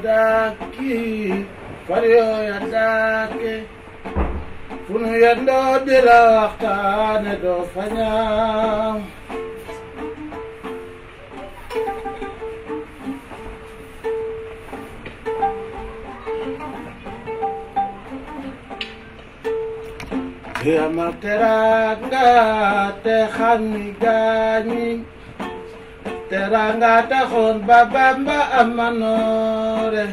daki fariyo ya daki funu yendo bila waxtaane do fañaa di amal teranga te xam ni gaañi teranga taxoon ba Bamba am manoore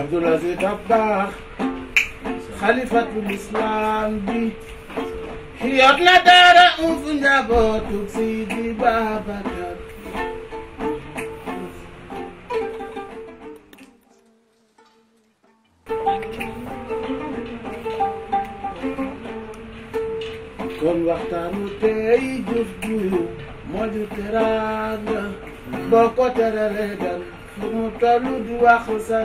Abdul Aziz Dabakh xalifatul islam bi yot na dara um fu njabootu Seydi Babacar kon waxtaanu tey jëf ju moo di teraanga boo ko teralee dal fu mu tollu di wax sa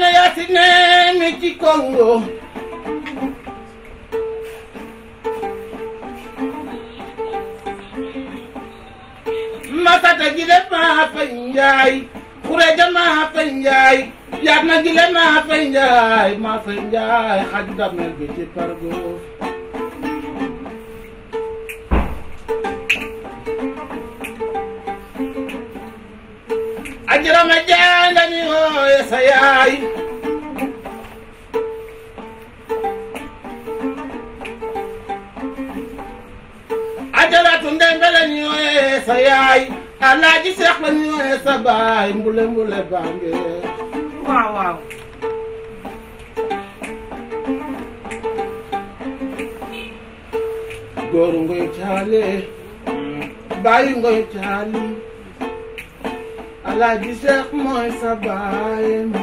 na yaati neen ci Congo masata gile maa fay njaay kureja maa fay njaay yaat na gile maa fay njaay maa fay njaay xaj damel bi ci pargo mbule mbule bange waaw waaw góor ngoy caale bàyyi ngoy caali alaaji seex mooy sa baayam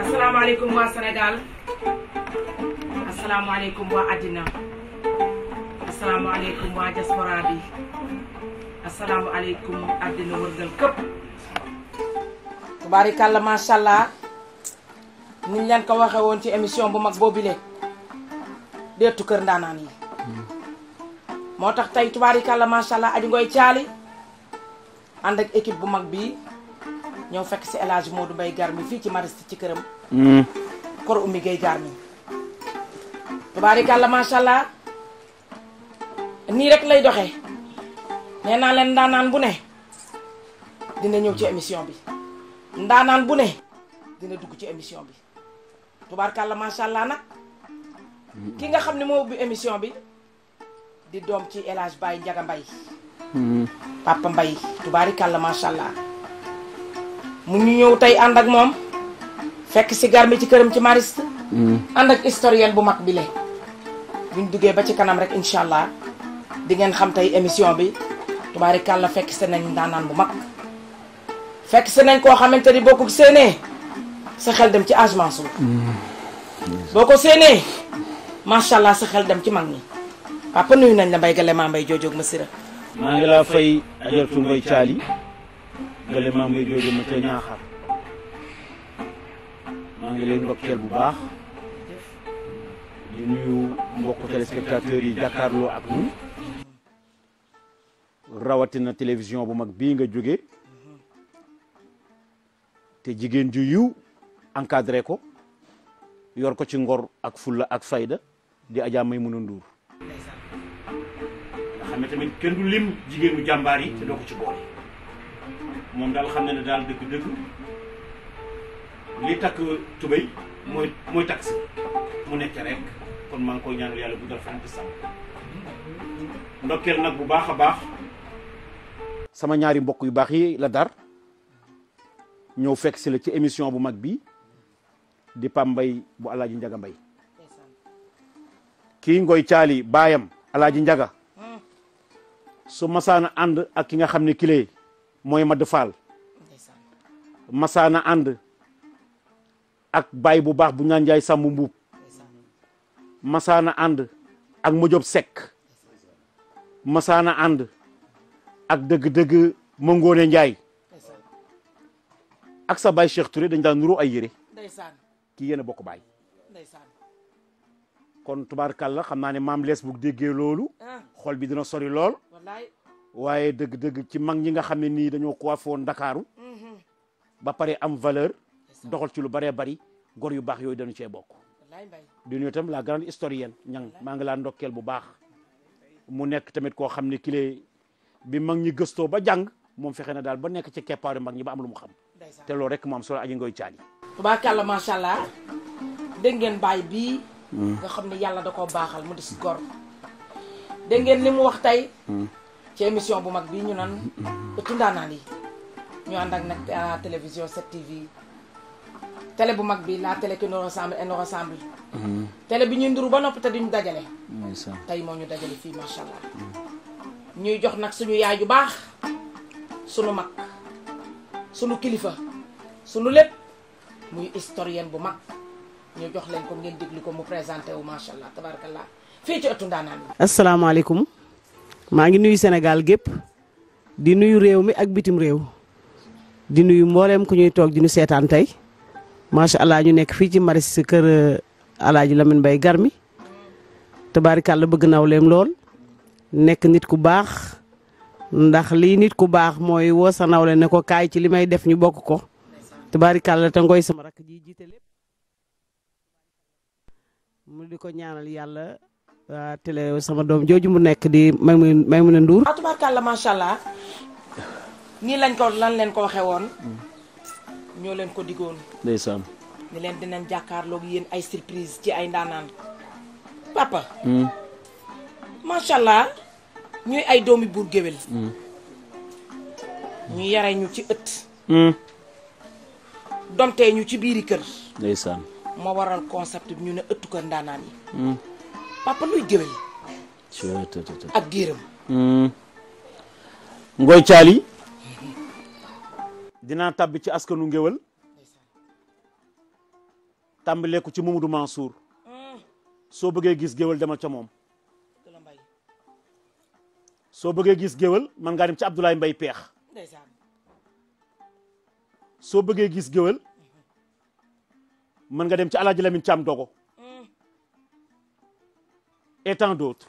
asalaamaaleykum waa Sénégal asalaamaaleykum waa àddina asalaamaaleykum waa diaspora bi asalaamaaleykum àddina wërgal këpp tubaarikàlla macha allah leen ko waxe woon ci émission bu mag boobile deetu kër ndaanaan yi hmm. moo tax tey tubaarikàlla macha allah ngoy caali ànd ak équipe bu mag bii ñëw fekk si El Hadj Modou Mbaye Garmi fii ci Mariste ci këram. Hmm. kor ummi Gueye Garmi. tubaarikàlla macha allah nii rek lay doxee nee naa leen ndaanaan bu ne dina ñëw ci émission bi ndaanaan bu ne dina dugg ci émission bi tubaarkàlla macha allah nag. Hmm. ki nga xam ne moo ubbi émission bi di doom ci El Hadj Baye Ndiaga Mbaye Hmm. papa mbay kàll macha allah mu ñu ñëw tey ànd ak moom fekk si garmi ci këram ci mariste hmm. ànd ak historien bu mag bi le buñ duggee ba ci kanam rek incha allah di ngeen xam tey émission bi tubaarikàlla fekk si nañ daanaan bu mag fekk si nañ koo xamante ni boo ko séenee sa xel dem ci âge hmm. boo ko séenee macha allah sa xel dem ci mag ñi papa nuyu nañ la mbay gale maa mbay joojoog ma sira maa ngi laa fay ajartu Mbaye Thiali gële maa mbay jóge ma ca ñaaxar maa ngi leen ndokkeel bu baax di nuyu mbokku téléspectateurs yi jàkkaarloo ak ñun rawatina télévision bu mag bii nga jóge te jigéen ju yiw encadré ko yor ko ci ngor ak fulla ak fayda di Adja Maimouna Ndour tamit tamit kenn du lim jigéenu jàmbaar yi te doo ko ci boole moom daal xam ne ne daal dëgg-dëgg li takk tubéy mooy mooy takk si mu nekk rek ndokkeel nag bu baax a baax sama ñaari mbokk yu baax yi la dar ñëw fekk si la ci émission bu mag bi di pambay bu alaaji njaga mbay kii ngoy caali baayam alaaji njaga su masaana ànd ak ki nga xam ne kile mooy Madu Faal masaana ànd ak baay bu baax bu ñaan njaay sàmm mbub masaana ànd ak mojob sekk masaana ànd ak dëgg-dëgg mëngoone njaay ak sa baay Cheikh Touré dañ daan nuroo ay yére kii yéen bokk baay kon tubaarkàlla xam naa ne maam lees bu déggee loolu ah. xol bi dina sori lool. waaye dëgg-dëgg ci mag ñi nga xam ne nii dañoo ko woon Ndakaaru. Mm-hmm. ba pare am valeur. doxal ci lu bëree bari gor yu baax yooyu dañu cee bokk. di nuyu itam la grande historienne ñang maa ngi laa ndokkeel bu baax. mu nekk tamit koo xam ne kile bi mag ñi gëstoo ba jàng moom fexe na daal ba nekk ci keppaaru mag ñi ba am lu mu xam. te loolu rek moom solo aji ngoy caali. tubaarkàlla macha allah dégg baay bii. Hmm. nga xam ne yàlla da koo baaxal mu des gor. dégg ngeen li mu wax tey hmm. ci émission bu mag bii ñu naan ëttu ndaanaan yi ñu ànd ak nag télévision 7TV télé bu mag bi la télé qui nous ressemble et nous ressemble hmm. télé bi ñuy nduru ba noppi te duñu dajale tey moo ñu dajale fii macha allah hmm. ñuy jox nag suñu yaay ju baax suñu mag suñu kilifa suñu lépp muy historienne bu mag ñu jox leen ko ngeen déglu ko mu présenté wu macha allah tabarakallah fii ci maa ngi nuyu Sénégal gépp di nuyu réew mi ak bitim réew di nuyu mbooleem ku ñuy toog dinu seetaan tey macha allah ñu nekk fii ci Maristes si kër eh, Alaaji Lamine bay Garmi tabaarikàlla bëgg nawleem lool nekk nit ku baax ndax lii nit ku baax mooy woo sa nawle ne ko kaay ci li may def ñu bokk ko tabaarikàlla te ngoy sama rakk ji jiite lépp mu di ko ñaanal yàlla waaw euh, télé sama doom jooju mu nekk di Maimouna Maimouna Ndour. waaw ah, tubaarkàlla macha allah nii lañ ko lan leen ko waxee woon. ñoo leen ko diggoon. ndeysaan. ni leen dinañ jàkkaarloog yéen ay surprise ci ay ndaanaan. papa. Hmm. macha allah ñuy ay doomi buur géwél. Hmm. ñu yare ñu ci ëtt. Hmm. domtee ñu ci biiri kër. ndeysaan. moo waral concept bi ñu ne ëtt ko ndaanaan papa luy géwél. Hmm. Ngoy Caali. dinaa tàbbi ci askanu ngéwél. tàmbalee ko ci Mamadou Mansour. soo bëggee gis géwél demal ca moom. soo bëggee gis géwél man nga dem ci Abdoulaye mbay Peex. soo bëggee gis géwél. man nga dem ci El Hadj Lamine Thiam Dogo. et tant d'autres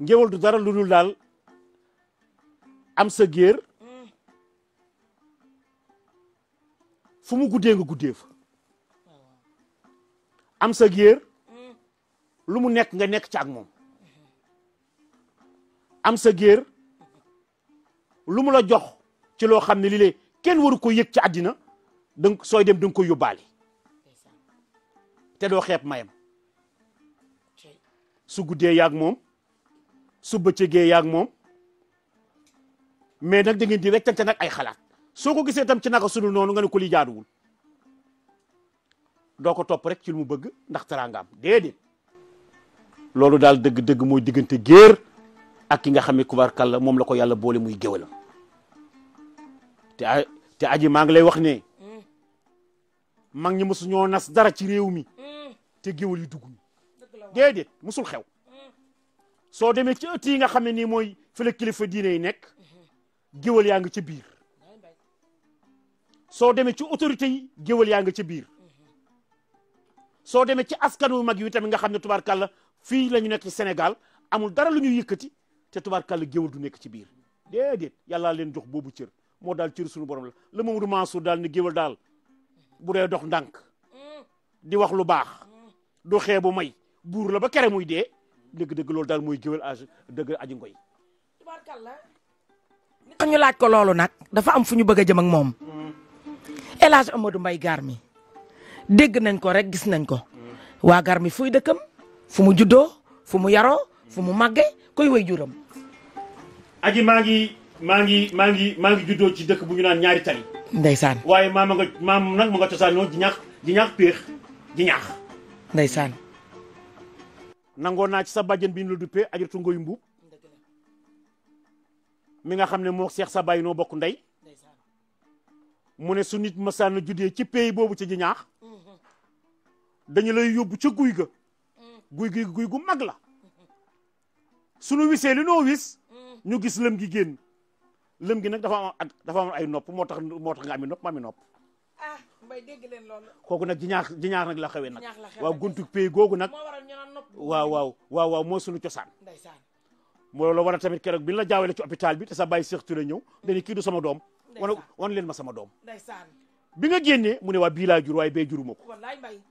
du dara lu dul daal am sa géer fu mu guddee nga guddee fa am sa géer lu mu nekk nga nekk ci ak moom am sa géer lu mu la jox ci loo xam ne lii kenn waru ko yëg ci àddina danga sooy dem da nga yóbbaale te doo xeeb mayam su guddee yaag moom su bëccëgee yaag moom mais nag da ngeen rek weccante nag ay xalaat soo ko gisee tam ci naka sunu noonu nga ne ko li jaaduwul doo ko topp rek ci lu mu bëgg ndax teraangaam déedéet loolu daal dëgg-dëgg mooy diggante géer ak ki nga xam ne kubarkàlla moom la ko yàlla boole muy géwélam te te aji maa ngi lay wax ne mm. mag ñi mosu ñoo nas dara ci réew mi mm. te géwél yi dugg déedéet musul xew soo demee ci ëtt yi nga xam ne nii mooy fi la kilifa diine yi nekk géwal yaa nga ca biir soo demee ci autorité yi géwal yaa nga ca biir soo demee ci askan wu mag yi tamit nga xam ne tubaarkàlla fii la ñu nekk ci Sénégal amul dara lu ñuy yëkkati te tubaarkàlla géwal du nekk ci biir déedéet yàllaa leen jox boobu cër moo daal cër suñu borom la la Mamadou Mansour daal ne géwal daal bu dee dox ndànk di wax lu baax du xeebu may buur la ba kere muy dee dëgg-dëgg loolu daal mooy géwél âge dëgg aji ngoy tubaarkàlla ni tax ñu laaj ko loolu nag dafa am fu ñu bëgg a jëm ak moom mm. El Hadj Amadou Mbaye Garmi dégg nañ ko rek gis nañ ko mm. waa Garmi fuy dëkkam fu mu juddoo fu mu yaroo mm. fu mu màgge koy way juram aji maa ngi maa ngi maa ngi maa ngi juddoo ci dëkk bu ñu naan ñaari tali ndeysaan waaye maa ma nga maam nag ma nga cosaanoo ji ñaax ji ñaax péex ji ñaax nangoo naa ci sa bàjjen bi ñu la duppee ajatu ngoy mbuub mi nga xam ne moo seex sa bàyyi noo bokk ndey mu ne su nit masaan na juddee ci pays boobu ci jiñaax dañu lay yóbbu ca guy ga guy gi guy gu mag la sunu wisee li noo wis ñu gis lëm gi génn lëm nag dafa am dafa am ay nopp moo tax moo tax nga ami nopp ma ami nopp ah. kooku nag jiñaax jiñaax nag la xewee nag waaw guntuk pay googu nag waaw waaw waaw waaw moo suñu cosaan moo la war a tamit keroog bi la jaawale ci hôpital bi te sa bàyyi Seex Ture ñëw dañu kii du sama doom wan wan leen ma sama doom bi nga génnee mu ne waa bii laa jur waaye bee juruma ko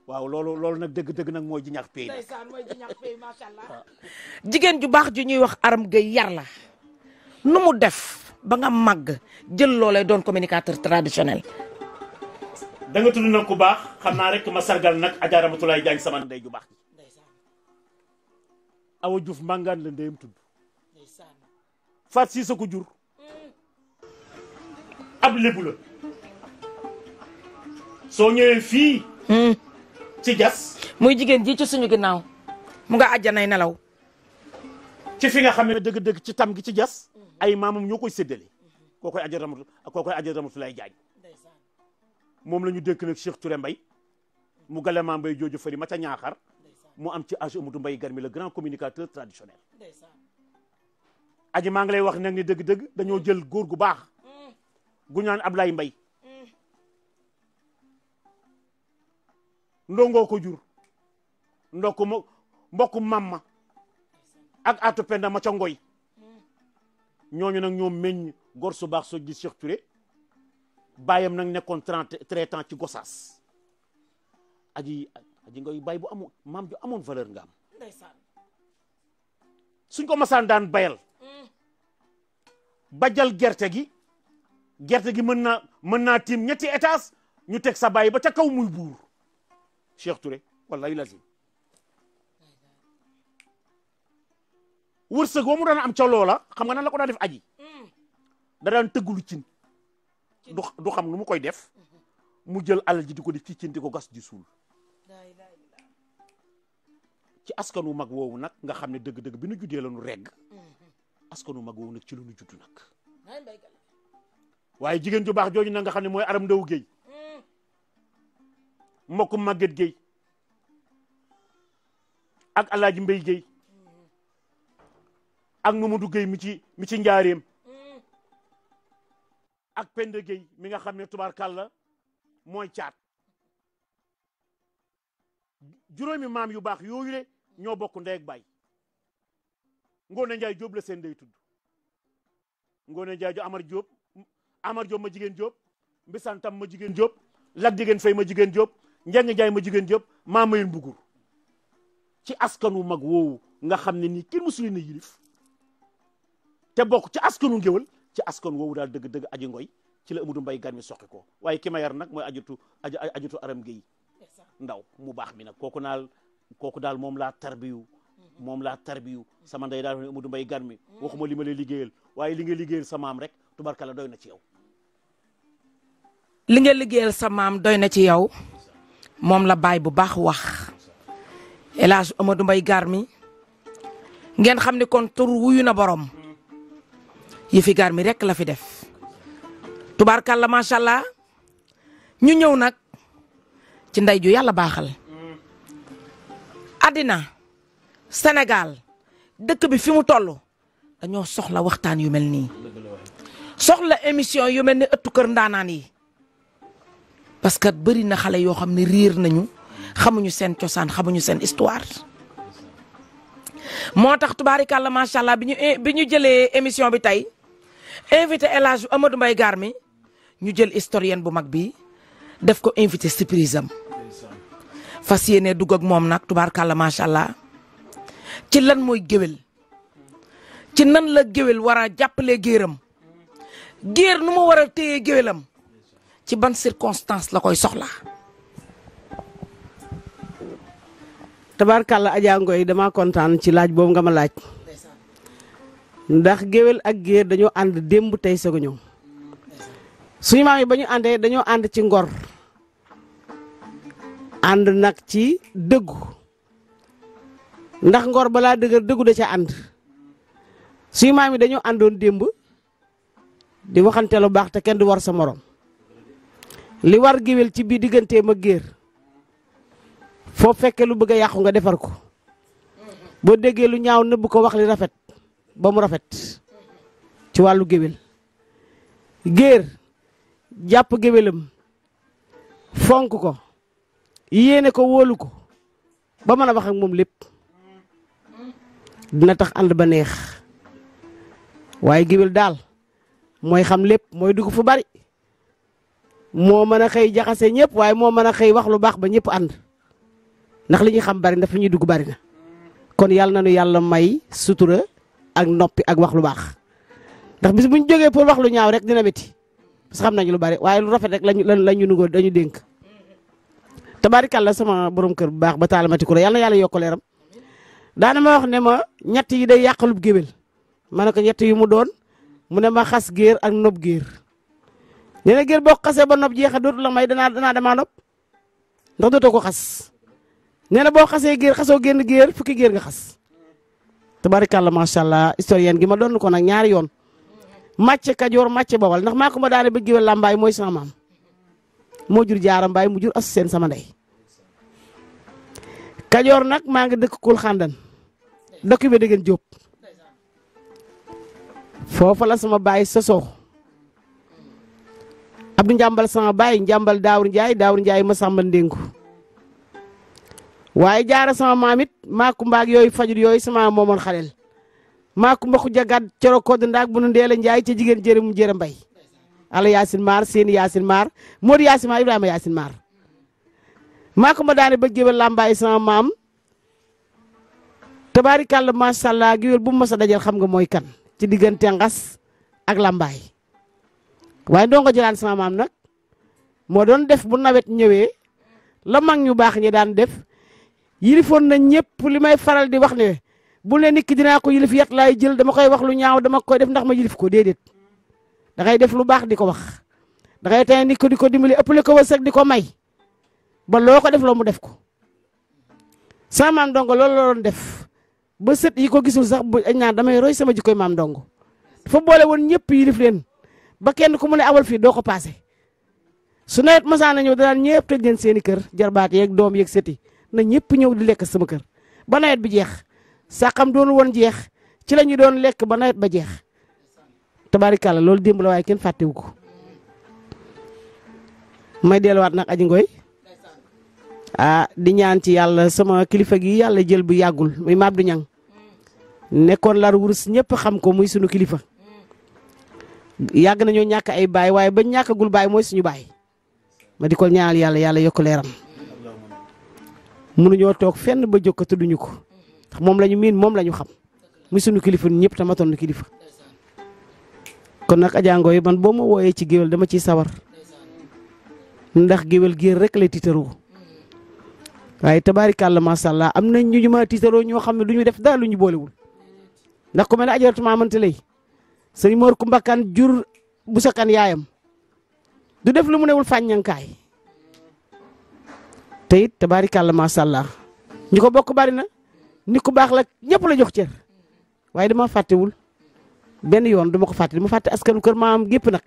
waaw loolu loolu nag dëgg-dëgg nag mooy jiñaax pay jigéen ju baax ju ñuy wax Aram Gueye yar la nu mu def ba nga màgg jël loolee doon communicateur traditionnel da nga tudd nag ku baax xam naa rek ma sargal nag Adja Ramatulaay Jaañ sama ndey ju baax Awa Diouf màngaan la ndeyam tudd faat sii sa ko mm. ab lébu soo ñëwee fii hmm. ci jas muy jigéen ji ci suñu ginnaaw mu nga àjjanay nelaw ci fi nga xam ne dëgg-dëgg ci tam gi ci jas ay maamam ñoo koy séddale koo koy Adja Ramatu koo Jaañ moom la ñu dénk nag Cheikh Touré Mbaye mu galema mbay jooju fëri ma ca ñaaxar mu am ci âge Amadou Mbaye Garmi la grand communicateur traditionnel aji maa ngi lay wax nag ni dëgg-dëgg dañoo jël góor gu baax gu ñaan Ablaye Mbaye ndongoo ko jur ndokku ma mbokku mamma ak atu penda ma ca ngoy ñooñu nag ñoo meññ gor su baax soo gis Cheikh bàyyam nag nekkoon trente ans ci Gossas aji aji ngay bay bu amoon maam ju amoon valeur ngaam am suñ ko masaan daan bayal mm. bajal gerte gi gerte gi mën na mën naa tiim ñetti étage ñu teg sa bàyyi ba ca kaw muy buur Cheikh Touré wallahi lazim wërsëg woo mu daan am ca loola xam nga nan la ko daan def aji mm. da daan tëggulu cin du du xam nu mu koy def mu jël alal ji di ko def ci cin di ko gas di suul ci askanu mag woowu nag nga xam ne dëgg-dëgg bi nu juddee la nu regg askanu mag woowu nag ci lu nu judd nag waaye jigéen ju baax jooju na nga xam ne mooy aram ndaw géey mbokku màgget géey ak alaaji mbay géey ak Mamadou géey mi ci mi ci njaareem ak Penda Gueye mi nga xam ne tubaarkàlla mooy caat juróomi maam yu baax yooyu le ñoo bokk ndey baay Ngoone Njaay Jóob la seen ndey tudd Ngoone Njaay jo Amar Jóob Amar Jóob ma jigéen Jóob Mbisaan Tam ma jigéen Jóob Lat jigéen Fay ma jigéen Jóob Njang Njaay ma jigéen Jóob maa mayin bugur ci askanu mag woowu nga xam ne nii kenn mësu leen yilif te bokk ci askanu ngéwal ci askon woowu daal dëgg-dëgg aji ngoy ci la Amadou Mbaye gan mi soqi waaye ki ma yar nag mooy ajutu ajutu aram géy ndaw mu baax mi nag kooku naal kooku daal moom laa tarbiyu mm-hmm. moom laa tarbiyu mm-hmm. sama ndey daal Amadou Mbaye gan mi mm-hmm. waxuma li ma lay liggéeyal waaye li nga liggéeyal sa maam rek tubarkalla doy na ci yow nga liggéeyal sa maam doy na ci yow moom la baay bu baax wax El Hadj Amadou Mbaye Garmi ngeen xam ni kon tur wuyu na borom yëfi gaar mi rek la fi def tubaarkàlla macha allah ñu ñëw nag ci ndey ju yàlla baaxal. àddina Sénégal dëkk bi fi mu toll dañoo soxla waxtaan yu mel nii soxla émission yu mel ni ëttu kër ndaanaan yi parce que bëri na xale yoo xam ne riir nañu xamuñu seen cosaan xamuñu seen histoire. moo tax tubaarikàlla macha allah bi ñu bi ñu jëlee émission bi tey invité El Hadj Amadou Mbaye Gaar mi ñu jël historienne bu mag bi def ko invité surprise am fas yéene dugg moom nag tubaarkàlla macha allah ci lan mooy géwél ci nan la géwél war a jàppale géeram géer nu mu war a téye géwélam ci ban circonstance la koy soxla tabaarkàlla Adja Ngoy dama kontaan ci laaj boobu nga ma laaj ndax géwél ak géer dañoo ànd démb tey soog a maam yi ba ñu àndee dañoo ànd ci ngor ànd nag ci dëggu ndax ngor balaa dëgër dëggu da ca ànd suñu maam yi dañoo àndoon démb di waxante lu baax te kenn di war sa moroom li war géwél ci biir digganteem ak géer foo fekkee lu bëgg a yàqu nga defar ko boo déggee lu ñaaw nëbb ko wax li rafet ba mu rafet ci wàllu géwél géer jàpp géwélam fonk ko yéene ko wóolu ko ba mën a wax moom lépp dina tax ànd ba neex waaye géwél daal mooy xam lépp mooy dugg fu bari moo mën a xëy jaxase ñëpp waaye moo mën a xëy wax lu baax ba ñëpp ànd ndax li ñu xam bari ndax fi ñu dugg bari na kon yàlla na nu yàlla may sutura ak noppi ak wax lu baax ndax bis bu ñu jógee pour wax lu ñaaw rek dina métti parce que xam nañ lu bari waaye lu rafet rek lañu lañu nugoo dañu dénk. tabaarikàlla sama borom kër bu baax ba taalamati ku la yàlla yàlla yokk leeram daana ma wax ne ma ñett yi day yàqalub géwél ma ne ko ñett yi mu doon mu ne ma xas géer ak nob géer nee na géer boo xasee ba nob jeexa dootu la may danaa danaa damaa nob ndax dootoo ko xas nee na boo xasee géer xasoo génn géer fukki géer nga xas te tabarikàlla macha allah historien gi ma doon ko nag ñaari yoon màcce kajoor màcce bawal ndax maa ko ma daane ba géwél làmbaay mooy sama maam moo jur jaara mbaay mu jur as seen sama ndey kajoor nag maa ngi dëkk kul xàndan dëkk bi dëggeen jóob foofa la sama baay sosoo abdu njàmbal sama baay njàmbal daawur njaay daawur njaay ma sàmba ndéngu waaye jaara sama maam it maaku mbaag yooyu fajur yooyu sama moomoon xaleel maaku mbaku jagaat coro kodd ndaag bu nu jigéen jërë mu jërë mbay ala yaasin maar seen yaasin maar moodu yaasin maaku ma daane ba géwél làmbaay sama maam tabaarikàlla macha allah géwél bu mu mas a dajal xam nga mooy kan ci diggante ngas ak làmbaay waaye ndongo jëlaan sama maam nag moo doon def bu nawet ñëwee la mag ñu baax ñi daan def yilifoon nañ ñëpp li may faral di wax ne bu ne nikki ki dinaa ko yilif yat laay jël dama koy wax lu ñaaw dama koy def ndax ma yilif ko déedéet da def lu baax di ko wax da ngay tey ko di ko dimbali ëppale ko wërsëg di ko may ba loo ko def loo mu def ko sama maam dongo loolu la doon def ba sët yi ko gisul sax bu ñaan damay roy sama jikkoy maam dongo dafa boole woon ñëpp yilif leen ba kenn ku mu ne awal fii doo ko paase su nawet masaan na ñëw danaan ñëpp tëj leen seen i kër jarbaat yeeg doom yeeg sët na ñëpp ñëw di lekk sama kër ba bi jeex saxam doon woon jeex ci la ñu doon lekk ba nawet ba jeex tabaarikàlla loolu démb la waaye kenn fàttewu ko may delluwaat nag aj ngoy ah di ñaan ci yàlla sama kilifa gi yàlla jël bu yàggul muy Mabdou Niang nekkoon lar wurus ñëpp xam ko muy sunu kilifa yàgg nañoo ñàkk ay baay waaye ba ñàkkagul baay mooy suñu baay ma di ko ñaanal yàlla yàlla yokk leeram mënuñoo toog fenn ba jokk te duñu ko moom lañu ñu miin moom lañu ñu xam muy sunu kilifa ñëpp te matoon na kilifa. kon nag ajango yi man boo ma wooyee ci géwél dama ciy sawar ndax géwél gi rek la tiitaroo waaye tabaarikàlla macha allah am na ñu ñu ma ñoo xam ne du ñu def daal lu ñu boolewul ndax ku mel ne ajaratu maamante lay sëñ Mor Kumba Kan jur bu sakan yaayam du def lu mu newul fàññankaay te it tabaarikàlla macha allah ñu ko bokk bari na nit ku baax la ñëpp la jox cër waaye dama fàttewul benn yoon duma ko fàtte dama fàtte askanu kër maam gépp nag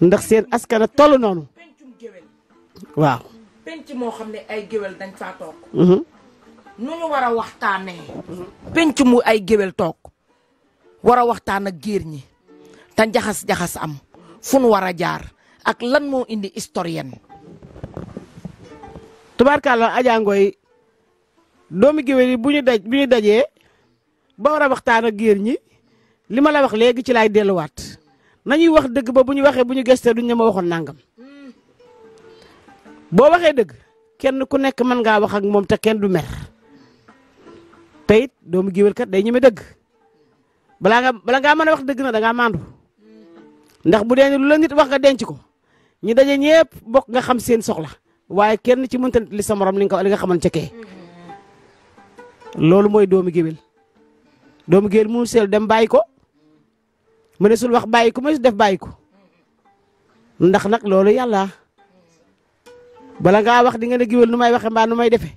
ndax seen askana toll noonu. waaw. penc moo xam ne ay géwel dañ faa toog. Mhm. war a waxtaanee. penc mu ay géwél toog war a waxtaan ak géer ñi te jaxas jaxas am fu war a jaar ak lan moo indi historien tubaarkàlla Adja Ngoye doomi géwél yi bu ñu daj bu dajee ba war a waxtaan a géer ñi li ma la wax léegi ci laay delluwaat nañuy wax dëgg ba bu ñu waxee bu ñu gestee duñ ne ma waxoon nangam boo waxee dëgg kenn ku nekk mën ngaa wax ak moom te kenn du mer te it doomu géwél kat day ñeme dëgg balaa nga bala ngaa mën a wax dëgg na da ngaa maandu ndax bu dee lu la nit wax nga denc ko ñi daje ñëpp bokk nga xam seen soxla. waaye kenn ci mënta li sa morom li nga li nga xamoon ca loolu mooy doomu géwél doomu géwél mu seel dem bàyyi ko mu sul wax bàyyi ko mënees def bàyyi ko ndax nag loolu yàlla bala ngaa wax di nga ne géwél nu may waxe mbaa nu may defee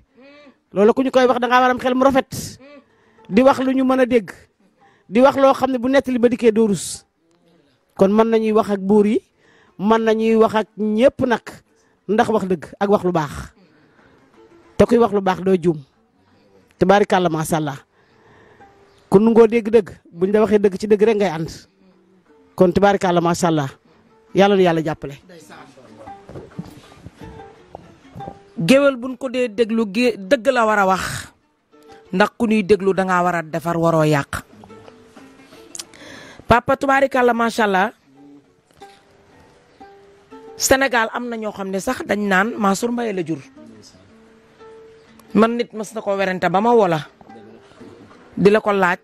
loolu ku ñu koy wax dangaa ngaa war am xel mu rafet di wax lu ñu mën a dégg di wax loo xam ne bu nettali ba dikkee doorus kon mën nañuy wax ak buur yi mën nañuy wax ak ñépp nag. ndax wax dëgg ak wax lu baax te kuy wax lu baax doo juum te barikàlla macha allah nungoo dégg-dëgg buñ la waxee dëgg ci dëgg rek ngay ànd kon te barikàlla macha allah yàlla na yàlla jàppale. géwél buñ ko dee déglu gé dëgg la war a wax ndax ku ñuy déglu da ngaa war a defar waroo yàq papa tubaarikàlla macha allah Sénégal am na ñoo xam ne sax dañ naan Mansour Mbaye la jur man nit mës na ko werante ba ma wola di la ko laaj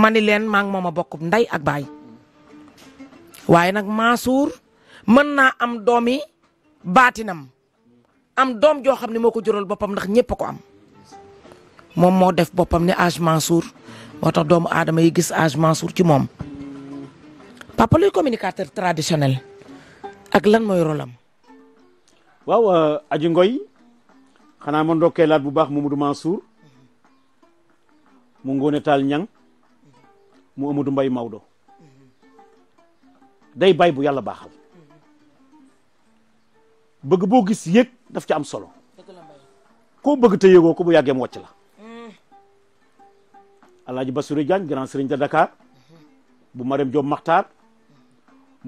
ma ni leen maa moom a bokkub ndey ak baay waaye nag Mansour mën naa am doomi baatinam am doom joo xam ne moo ko jural boppam ndax ñëpp ko am moom moo def boppam ne âge Mansour moo tax doomu aadama yi gis âge Mansour ci moom papa luy communicateur traditionnel ak lan mooy rolam waaw euh, aji ngoy xanaa ma ndokkee laat bu baax Mamadou Mansour mu ngoone taal ñang mu Amadou Mbay Maodo day bay bu yàlla baaxal bëgg boo gis yéeg daf ca am solo ko bëgg te yëgoo ko bu yàggee mu wàcc la mm. alaaji Bassirou Diagne grand sëriñ de Dakar bu Marème Diop Maxtaar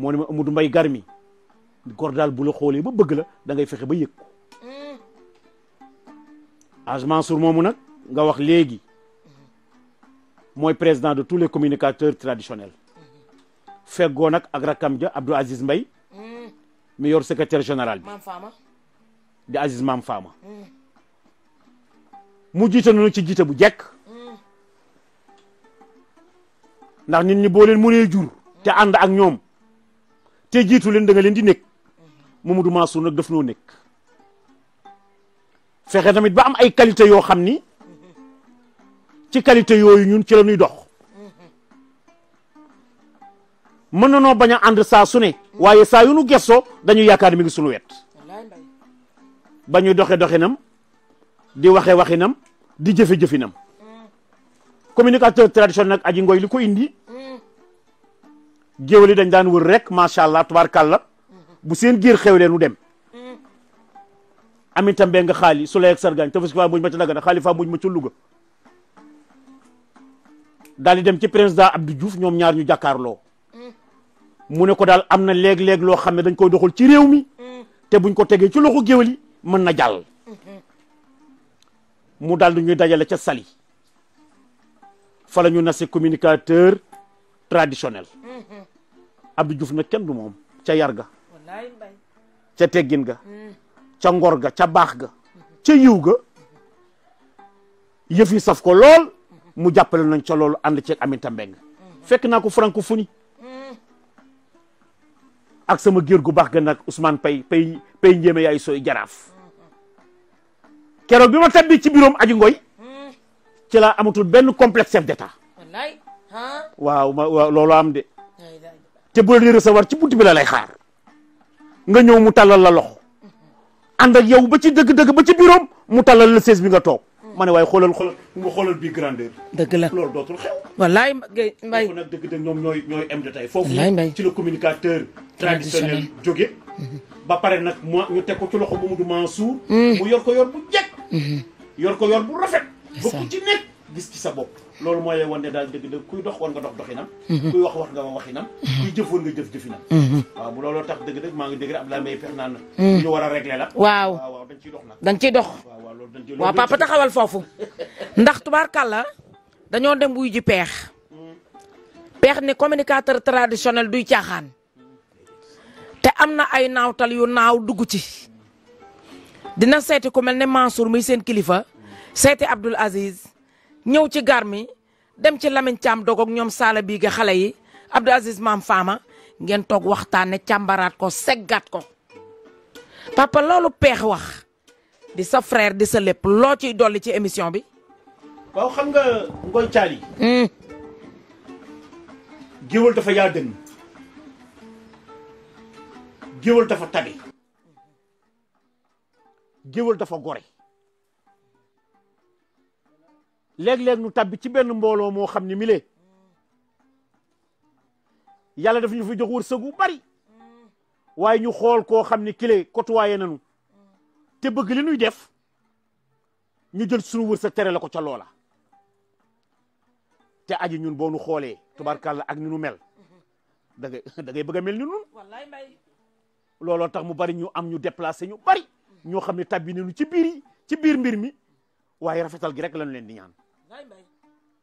moo ne ma Amadou Mbay Garmi góor daal bu la xoolee ba bëgg la da ngay fexe ba yëg ko mm. Hadj moomu nag nga wax léegi mm-hmm. mooy président de tous les communicateurs traditionnels mm-hmm. feggoo nag ak rakam ja Abdou Aziz Mbaye mi mm. yor secrétaire général bi di Aziz Mam Fama mm. mu jiite noonu ci jiite bu jekk ndax nit ñi boo leen mënee jur te ànd ak ñoom te jiitu leen da leen di nekk Mamadou Mansour nag def noo nekk fexe tamit ba am ay qualité yoo xam ni ci qualité yooyu ñun ci la ñuy dox mën na noo bañ a ànd saa su ne waaye saa yu nu gestoo dañu yaakaar mi ngi sunu wet ba ñuy doxe doxinam di waxe waxinam di jëfe-jëfinam communicateur traditionnel nag aji ngoy li ko indi mm. géwél yi dañ daan wër rek macha allah tubaarkàlla bu seen géer xewlee nu dem am aminta mbeng xaali su lay ak sargaañ tafaski faa muñ ma ca dagana xaali faa muñ ma ca Louga daal di dem ci président Abdou Diouf ñoom ñaar ñu jàkkaarloo mu ne ko daal am na léeg-léeg loo xam ne dañ koy doxal ci réew mi te buñ ko tegee ci loxo géwél yi mën na jàll mu daal di ñuy dajale ca sali fala la ñu nase communicateur traditionnel Abdou Diouf nag kenn du moom ca yarga ca teggin ga mm. ca ngor ga ca baax ga ca yiw ga yëf yi saf ko lool mu jàppale nañ ca loolu ànd ceeg Aminata Mbengue mm. fekk naa ko francophonie mm. ak sama géer gu baax ga nag Ousmane Pay Pay Pay njéeme yaay sooy jaraaf keroog bi ma tabbi ci biroom aj ngoy ci laa amatul benn complexe chef d'état waaw ma waaw loolu am de te bu la di recevoir ci buntu bi la lay xaar nga ñëw mu tàllal la loxo ànd ak yow ba ci dëgg-dëgg ba ci biiroom mu tàllal la sees bi nga toog ma ne waaye xoolal xoolal nga xoolal bii grandeur. dëgg la loolu dootul xew. wallaay mbay foofu nag dëgg-dëgg ñoom ñooy ñooy am détail. foofu ci la communicateur traditionnel jóge mhm. ba pare nag mu ñu teg ko ci loxo Mamadou Mansour. Mhm. mu yor ko yor bu jekk. Mhm. yor ko yor bu rafet. ba ku ci gis ci sa bopp. loolu mooy won ne daal dëgg dëgg kuy dox war nga dox doxinam mhm. kuy wax wax nga wax waxinam mhm. kuy jëf war nga jëf jëfinam mhm. waaw bu looloo tax dëgg dëgg maa ngi dégg rek Abdoulaye Mbaye Pekh naan ñu war a régler la waaw dañ ciy dox nag dañ ciy dox waaw papa taxawal foofu ndax tubaarkàlla dañoo dem buy ji peex Pekh ni communicateur traditionnel duy caaxaan te am na ay naawtal yu naaw dugg ci dina seeti ku mel ne Mansour muy seen kilifa seeti Abdoul Aziz ñëw ci garmi dem ci Lamine Thiam dogoog ñoom saala biig ga xale yi Abdou Aziz Maam Faama ngeen toog waxtaane càmbaraat ko seggaat ko papa loolu peex wax di sa frère di sa lépp loo ci dolli ci émission bi waaw xam nga ngoy caali hmm. géwël dafa yaa dënn géwël dafa tabe géwël dafa gore léeg-léeg nu tàbbi ci benn mbooloo moo xam ne mile yàlla daf ñu fi jox wërsëg bari waaye ñu xool koo xam ne kile côtoyé nañu te bëgg li ñuy def ñu jël sunu wërsëg tere la ko ca loola te aji ñun boo nu xoolee tubarkàlla ak ni nu mel da ngay da bëgg mel ni nun looloo tax mu bari ñu am ñu déplacé ñu bari ñoo xam ne tàbbi nañu ci biir yi ci biir mbir mi waaye rafetal gi rek lañu leen di ñaan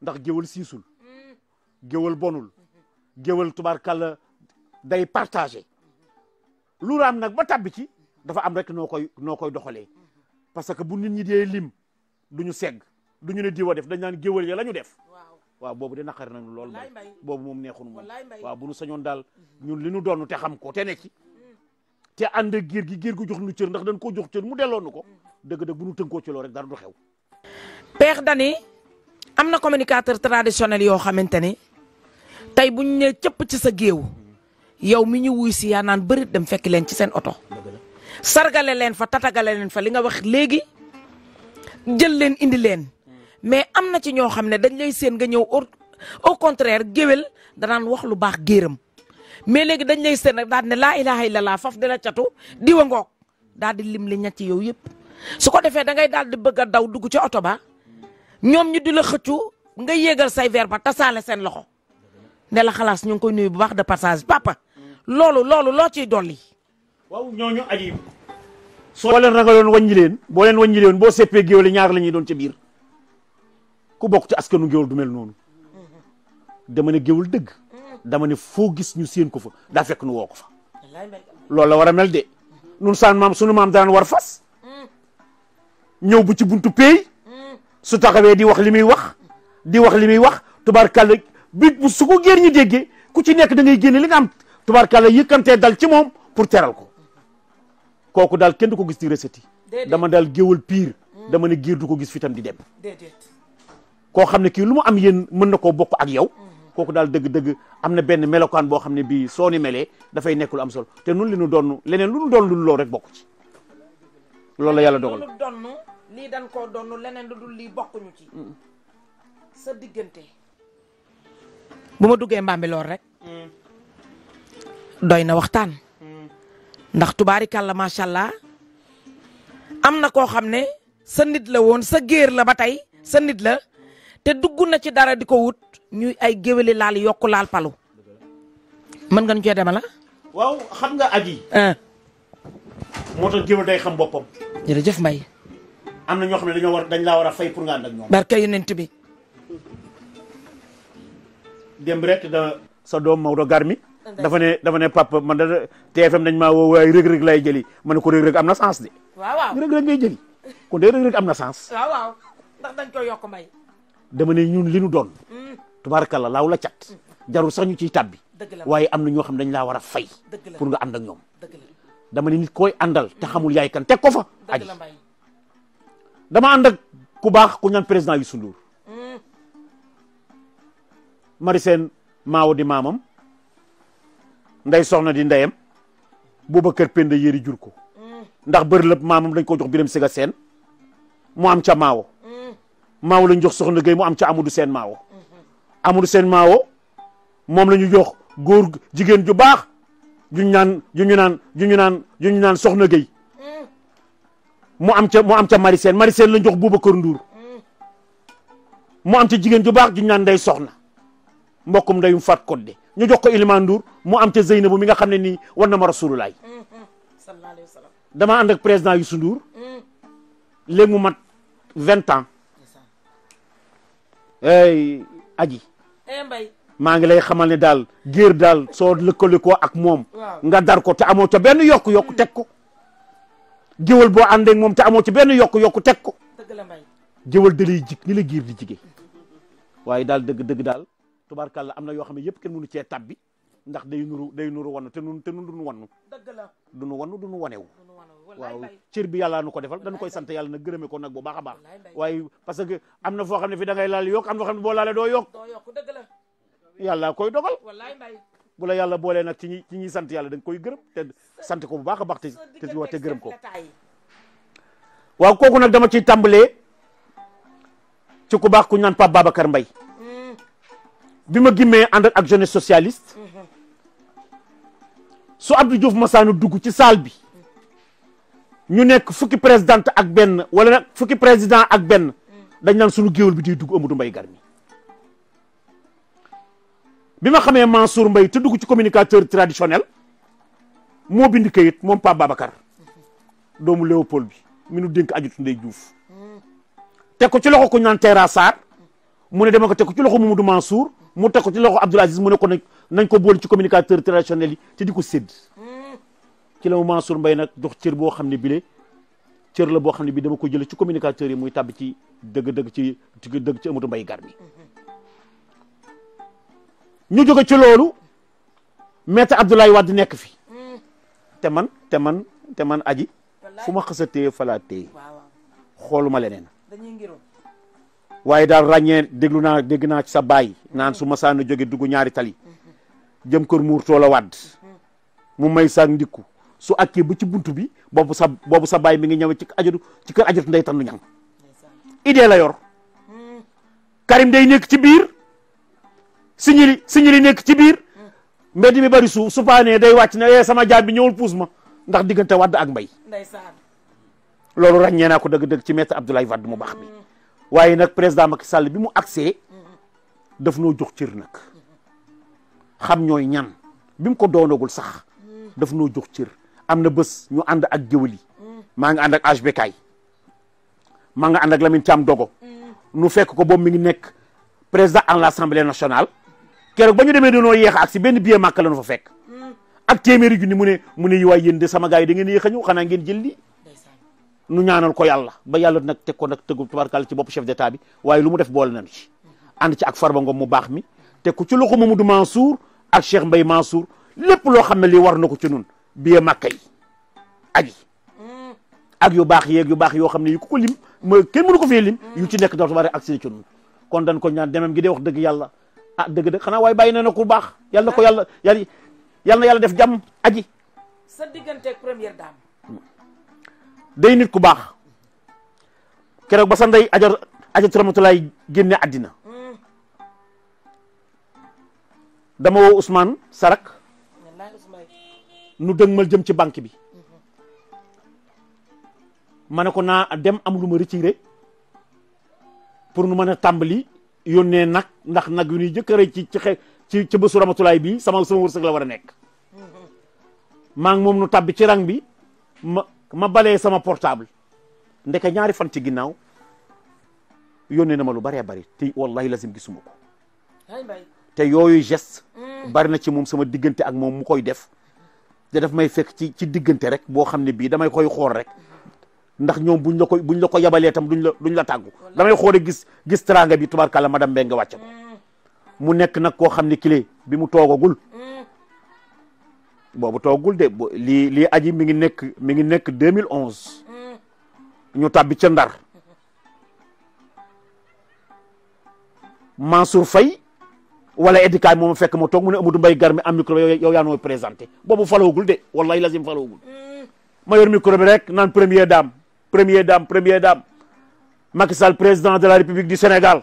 ndax géwal siisul hmm. géwal bonul géwal tubaarkàlla day partagé lu raam nag ba tàbbi ci dafa am rek noo koy noo koy doxalee parce que bu nit ñi dee lim duñu segg duñu ne diwa def dañ naan géwal ya la ñu def waaw boobu de naqari nañu lool mbay boobu moom neexul moom waaw bu nu sañoon daal hmm. ñun li nu doon te xam ko te ne ci hmm. te ànd ak géer gi géer gu jox nu cër ndax dañ koo jox cër mu delloo nu ko dëgg-dëgg bu nu tënkoo ci loolu rek dara du xew. am na communicateur traditionnel yoo xamante ni tey bu ñu nee cëpp ci sa géew yow mi ñu wuy si yaa naan bëri dem fekk leen ci seen oto sargale leen fa tatagale leen fa li nga wax léegi jël leen indi leen mais am na ci ñoo xam ne dañ lay seen nga ñëw au contraire géwél danaan wax lu baax géeram mais léegi dañ lay seen rek daal ne laa ilaha illallah faf di la catu diwa ngoog daal di lim li ña ci yow yëpp su ko defee da ngay daal di bëgg a daw dugg ci oto ba ñoom ñu di la xëccu nga yéegal say verre ba tasaale seen loxo ne la xalaas ñu koy nuyu bu baax de passage papa loolu loolu loo ciy dolli. waaw ñooñu aji. soo leen ragaloon wàññi leen boo leen wàññi leen boo seppee géwél ñaar lañuy doon ca biir ku bokk ci askanu géwél du mel noonu dama ne géwél dëgg dama ne foo gis ñu séen ko fa daa fekk nu woo ko fa loolu la war a mel de nun saan maam sunu maam daan war fas ñëw bu ci buntu pey su taxawee di wax li muy wax di wax li muy wax tubaarkàlla bi bu su ko géer ñi déggee ku ci nekk da ngay génne li nga am tubaarkàlla yëkkantee dal ci moom pour teral ko kooku daal kenn du ko gis ci recette yi dama daal géwal piir dama ne géer du ko gis fi tam di dem koo xam ne kii lu mu am yéen mën na koo bokk ak yow kooku daal dëgg-dëgg am na benn melokaan boo xam ne bii soo ni melee dafay nekk lu am solo te nun li nu doon leneen lu nu doon lu loolu rek bokk ci yàlla dogal lii dañ koo doon leneen lu dul lii bokkuñu ci. Mm. sa diggante. bu ma duggee Mbambilor rek. Mm. doy na waxtaan. Mm. ndax tubaarikàlla macha allah am na koo xam ne sa nit la woon sa géer la ba tey sa nit la te dugg na ci dara di ko wut ñuy ay géwéli laal yokk laal palu. mën nga ñu cee demala. waaw xam nga aji. Ah. moo tax géwél day xam boppam. jërëjëf Mbaye. am na ñoo xam ne dañoo war dañ laa war fay pour nga ànd ak ñoom. barka yonent rek sa doom Maodo Garmi. dafa ne dafa ne papa man da TFM dañ maa woo waaye ma ne ko rëg-rëg am na sens de. waaw waaw rëg-rëg ngay am na sens. waaw dañ koy yokk mbay. dama ne ñun li ñu doon. Mm. tubaarkalla laaw la cat. Mm. jarul sax ñu ciy tàbbi. dëgg waaye am na ñoo xam dañ laa war a fay. pour nga ànd ak ñoom. dama ne nit koy àndal te xamul yaay kan teg ko fa. aji dama ànd ak ku baax ku ñaan président Youssou Ndour mari seen maawo di maamam nday soxna di ndeyam booba kër penda yéri jur ko ndax bëri lépp maamam dañ ko jox biram siga seen mu am ca maawo maawo lañ jox soxna Gueye mu am ca amadou seen maawo amadou seen maawo moom la jox góor jigéen ju baax juñ naan juñu naan juñu naan juñu naan soxna Gueye mu am ca mu am ca Marisène Marisène lañ jox Boubacar Ndour mu am ca jigéen ju baax juñ naan nday soxna mbokkum ndeyum faat kodde ñu jox ko Iliman Ndour mu am ca Zeynabu mi nga xam ne nii war na ma rasulullaay damaa ànd ak président Youssou Ndour léegi mu mat vingt ans ay aji eh, maa ngi lay xamal ne daal géer daal soo lëkkalikoo ak moom nga dar ko te amoo ca benn yokku-yokku teg ko géwal boo ànd ak moom te amoo ci benn yokk yokk teg ko géwal da lay jik ni la giir di jige waaye daal dëgg dëgg daal tubaarkàlla am na yoo xam ne yëpp kenn mënu cee tabbi ndax day nuru day nuru wannu te nun te nun duñu wannu duñu wannu duñu wanewu waaw cër bi yàlla nu ko defal dañu koy sant yàlla na gërëme ko nag bu baax a baax waaye parce que am na foo xam ne fi da ngay laal yokk am na foo xam ne boo laale doo yokk yàlla koy dogal bu la yàlla boolee nag ci ñi ci ñuy sant yàlla da koy gërëm te sant ko bu baax a baax te te wax te gërëm ko waaw kooku nag dama ciy tàmbalee ci ku baax ku ñu naan Pape Babacar Mbaye bi ma gimmee ànd ak jeunesse socialiste su Abdou Diouf masaanu dugg ci saal bi ñu nekk fukki présidente ak benn wala nag fukki président ak benn dañ naan suñu géwél bi di dugg Amadou Mbaye Garmi bi ma xamee Mansour mbay te dugg ci communicateur traditionnel moo bindi kayit moom Pape Babacar doomu Léopold bi mi nu dénk ajutu Ndey Diouf teg ko ci loxo ko ñu naan Terra Sarr mu ne ko teg ko ci loxo Mamadou Mansour mu te ko ci loxo Abdoul Aziz mu ne ko nañ ko bool ci communicateur traditionnel yi te di ko sédd ci la mu Mansour Mbaye nag dox cër boo xam ne bile cër la boo xam ne bi dama ko jëlee ci communicateur yi muy tàbb ci dëgg-dëgg ci dëgg ci Amadou Mbaye gar ñu jóge ci loolu maître Abdoulaye Wade nekk fi mm. te man te man te man aji fu ma xësa a téye xooluma leneen waaye daal ràññee déglu naa dégg naa ci sa baay naan mm. su ma saan jóge dugg ñaari tali mm-hmm. jëm kër muur toola wadd mm-hmm. mu may saak ndikku su akkee ba ci bunt bi boobu sa boobu sa baay mi ngi ñëwee ci ci kër ajatu nday tandu ñang idée la yor mm. Karim day nekk ci biir siñili siñili nekk ci biir mm. mbedd mi bari suuf su paanee day wàcc ne eh, sama jaam bi ñëwul puus ma ndax diggante wadd ak Mbaye loolu ràññee naa ko dëgg-dëgg ci maître Abdoulaye Wade mu baax bi mm. waaye nag président Macky Sall bi mu agsee mm. daf noo jox cër nag xam ñooy ñan bi mu ko doonagul sax daf noo jox cër am na bës ñu ànd ak géwël yi maa ngi ànd ak HBK maa nga ànd ak Lamine Thiam Dogo nu fekk ko boobu mi ngi nekk président en l'Assemblée nationale keroog ba ñu demee dañoo yéex ak si benn billet màkk la ñu fa fekk mm. ak téeméeri junni mu ne mu ne yi waay yéen de sama gars yi da ngeen yéex a ñëw xanaa ngeen jël lii nu ñaanal ko yàlla ba yàlla nag teg ko nag tëggu tubarkal ci bopp chef d'état bi waaye lu mu def boole nañu ci mm-hmm. ànd ci ak Farba Ngom mu baax mi te ku ci loxo Mamadou Mansour ak Cheikh Mbaye Mansour lépp loo xam ne lii war na ko ci nun billet màkk yi aji mm. ak yu baax yeeg yu baax yoo xam ne yu ko ko lim mooy kenn ko fee mm. yu ci nekk dootu war kon dañ ko ñaan demem gi de wax dëgg yàlla ah dëgg dëgg xanaa waaye bàyyi na na ku baax yàlla na ko yàlla yàlla yàlla na yàlla def jam aji. sa day nit ku baax keroog ba sa ndey ajar génne àddina dama woo Ousmane Sarak nu dëgmal jëm ci banque bi ma ne ko naa dem am lu ma retiré pour nu mën a tàmbali. yónnee nag ndax nag yu ñuy jëkkëre ci ci ci ci bésu ramatulaay bi sama sama wërsëg la war a nekk maa moom nu tàbbi ci rang bi ma ma balee sama portable ndeke ñaari fan ci ginnaaw yónnee na ma lu bëree bari te wallahi lazim gisuma ko te yooyu geste mm. bari na ci moom sama diggante ak moom mu koy def te daf may fekk ci ci diggante rek boo xam ne bii damay koy xool rek ndax ñoom buñ la ko buñ la ko yabalee tam duñ la duñ la tàggu damay xool gis gis teranga bi tubaarkàlla madame Mbengue nga wàcce ko mu nekk nag koo xam ne clé bi mu toogagul boobu toogagul de lii li aji mi ngi nekk mi ngi nekk mille 2011 ñu tàbbi ca ndar Mansour Faye wala édikaay moom fekk ma toog mu ne Amadou Mbaye Garmi am micro bi yow yaa noo présenté boobu faloogul de wallahi lazim falawagul mm. ma yor micro rek naan premier dame. première dame première dame Macky Sall président de la république du Sénégal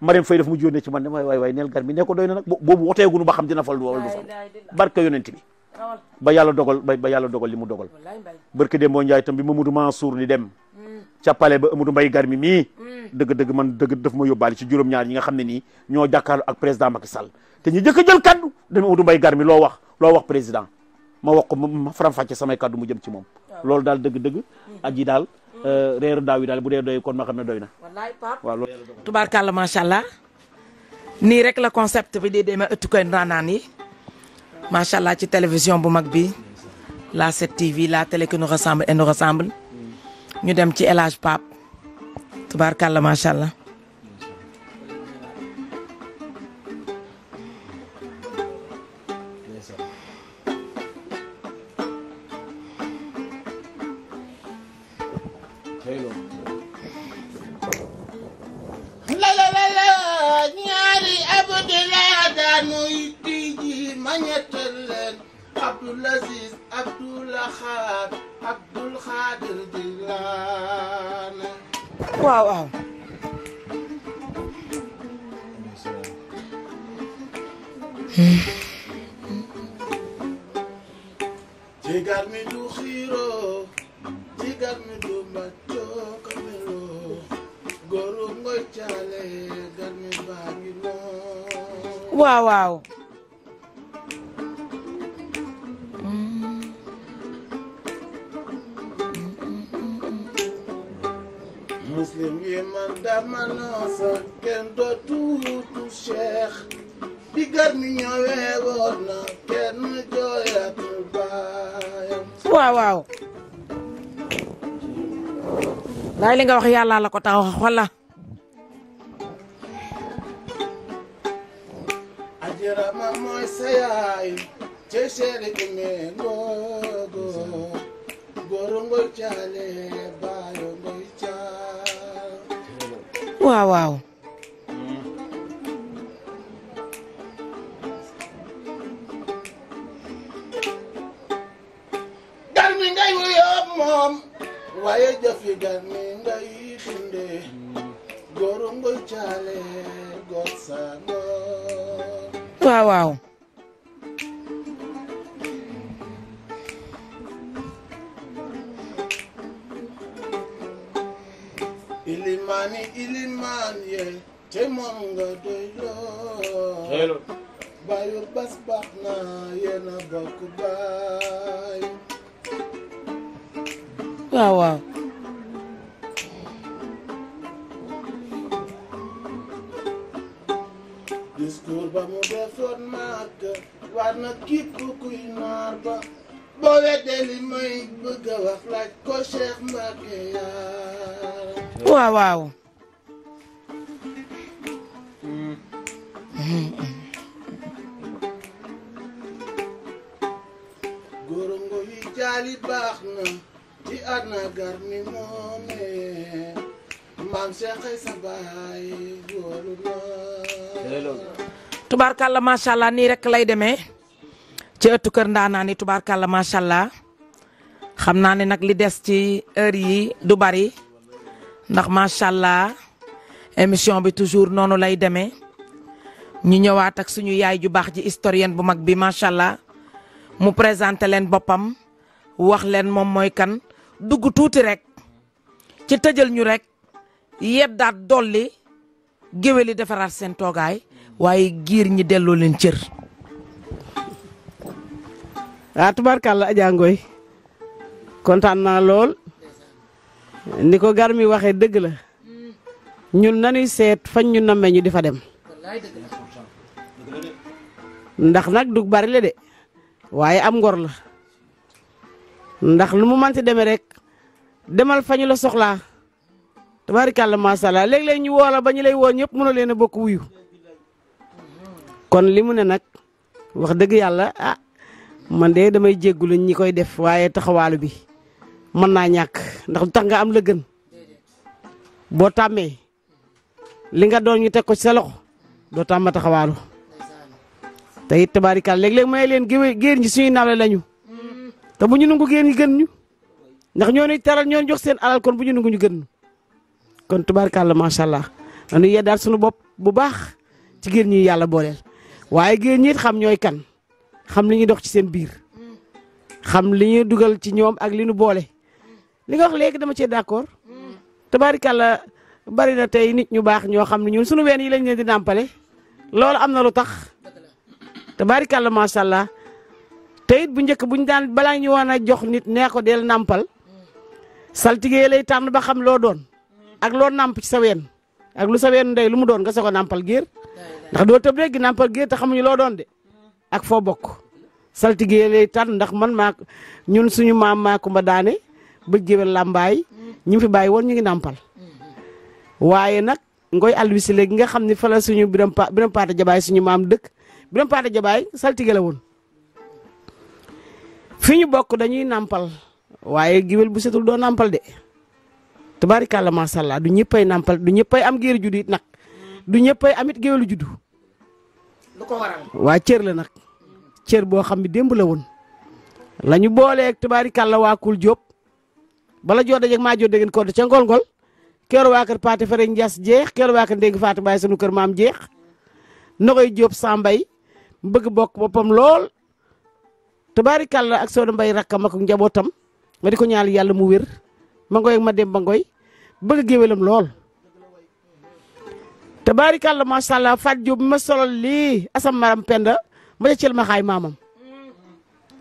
Marème Faye daf mu jóonee ci man ne waay waay waay neel gar mi ne ko doy na nag boobu woteegunu ba xam dina fal wala du fal barka yonent bi ba yàlla dogal ba yàlla dogal li mu dogal barke Demba Ndiaye tam bi Mamadou Mansour di dem hmm. ca palais ba Amadou Mbaye Garmi mii hmm. dëgg-dëgg man dëgg daf ma yóbbaal ci juróom-ñaar ñi nga xam ne nii ñoo jàkkaarloo ak président Macky Sall te ñu jëkk a jël kaddu dem Amadou Mbaye Garmi loo wax loo wax président ma wax ko ma faram-fàcce samay kaddu mu jëm ci moom loolu daal dëgg-dëgg hmm. aji daal Euh, reeru daaw yi daal bu dee doy kon ma xam ne doy na. wallaay Pape waaw loolu. allah nii rek la concept bi di demee ëttu koy ndaanaan yi macha ci télévision bu mag bi la 7TV la télé qui nous ressemble et mm. ñu dem ci El Hadj Pape tubaarkàlla macha allah. muhiddi ji ma ñettal leen Abdul Aziz Abdul Ahad Abdul waaw waaw muslim yi man noosa kenn dootu cheikh bi gar mi ñëwee woon na kenn jooyatul baayam waaw waaw li nga wax yàlla la ko tax wax Birama mooy sa yaay ci seeri ime googo góoru ngoy caale baayo ngoy caal waaw waaw gar mi ngay moom waaye jëf yi gar mi ngay dunde góoru caale gosa waaw waaw. ilimaani ilimaan ye te moom nga doy loo. bayu bas baax na yéen a bokk baay. waaw mu desoon màgg war na képp kuy naar ba boo weddee li may bëgg a wax laaj ko Cheikh Mbacke yaar waaw waaw baax na tubaarkàlla macha allah nii rek lay demee ci ëttu ndaa ndaanaan yi tubaarkàlla macha allah xam naa ne nag li des ci heure yi du bari ndax macha allah émission bi toujours noonu lay demee ñu ñëwaat ak suñu yaay ju baax ji historienne bu mag bi macha allah mu présenté leen boppam wax leen moom mooy kan dugg tuuti rek ci tëjal ñu rek yeddaat dolli géwéli defaraat seen toogaay. waaye giir ñi delloo leen cër. waaw ah, tubarkàlla Adja Ngoy kontaan naa lool ni ko gar mi waxee dëgg la ñun nanuy seet fañ ñu nammee ñu di fa dem ndax nag dug bari la de waaye am ngor la ndax lu mu mënti demee rek demal fañu la soxlaa tubarkàlla macha allah léeg-léeg ñu woo la ba ñu lay woo ñëpp mënoo leen a bokk wuyu. kon li mu ne nag wax dëgg yàlla ah man de damay jéggulu ñi koy def waaye taxawaalu bi mën naa ñàkk ndax lu tax nga am la gën boo tàmmee li nga doon ñu teg ko ci sa loxo doo tàmm taxawaalu te it tabaarikaal léeg-léeg may leen géer ñi suñuy nawle lañu te bu ñu nangu géer ñi gën ñu ndax ñoo ñuy teral ñoo jox seen alal kon bu ñu nangu ñu gën ñu kon tabaarikaal la macha allah dañuy yeddaat suñu bopp bu baax ci géer ñi yàlla booleel. waaye géen ñi xam ñooy kan xam li ñuy dox ci seen biir xam li ñuy dugal ci ñoom ak li ñu boole li nga wax léegi dama cee d'accord tabaarikàlla bari na tey nit ñu baax ñoo xam ne ñun suñu ween yi lañ leen di nàmpale loolu am na lu tax te tabaarikàlla macha allah te it bu njëkk bu ñu daan balaa ñu woon na jox nit nee ko del nàmpal saltige lay tànn ba xam loo doon ak loo nàmp ci sa ween ak lu sa ween ndey lu mu doon nga sa ko nàmpal géer ndax doo tëb rek ginnaaw par géej te xamuñu loo doon de ak foo bokk. saltige lay tànn ndax man maa ñun suñu maam maa kumba daane ba géwél làmbaay ñu fi bàyyi woon ñu ngi nàmpal waaye nag ngoy albisi léegi nga xam ne fa suñu biram pa paata jabaay suñu maam dëkk biram paata jabaay saltige la woon. fi ñu bokk dañuy nàmpal waaye géwél bu setul doo nàmpal de tabaarikàlla macha allah du ñëppay nàmpal du ñëppay am géer ju nag. du ñëppay amit géwélu juddu. lu ko waa cër la nag cër boo xam ne démb la woon la ñu booleeg tubaarikàlla waa Kul Diop bala joo dajeeg maa joo dégg ko ca ngol-ngol kër waa kër Paate Fere Ndias jeex kër waa kër Ndéng Fatou Mbaye sunu kër maam jeex nogoy Diop Sambay bëgg bokk boppam lool tubaari tubaarikàlla ak Soda Mbaye rakkam ak njabootam ma di ko ñaal yàlla mu wér ma ngoy ak ma dem ba ngoy bëgg géwélam lool. tabaarikàlla macha allah Fatou Diop bi solol lii asam maram penda ma ca cel ma xaay maamam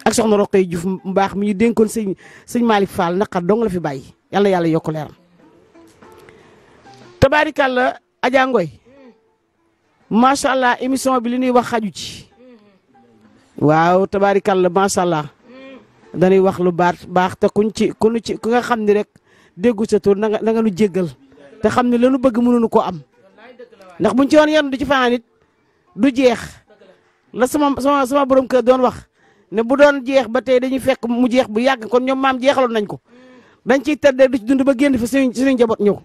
ak soxna Roqay Diouf mu baax mi ñu dénkoon sëñ sëñ Malick Fall naqar dong la fi bay yàlla yàlla yokk leeram tabaarikàlla Adja Ngoy macha allah émission bi li ñuy wax xaju ci waaw tabaarikàlla macha allah dañuy wax lu baax baax te kuñ ci ku ci ku nga xam ni rek déggu sa tur na nga na nu jéggal te xam ne lanu bëgg mënuñu ko am. ndax buñ ci woon yenn du ci fanaan du jeex la sama sama sama borom kër doon wax ne bu doon jeex ba tey dañuy fekk mu jeex bu yàgg kon ñoom maam jeexaloon nañ ko dañ ciy tëddee du ci dund ba génn fi suñu suñu njaboot ñëw.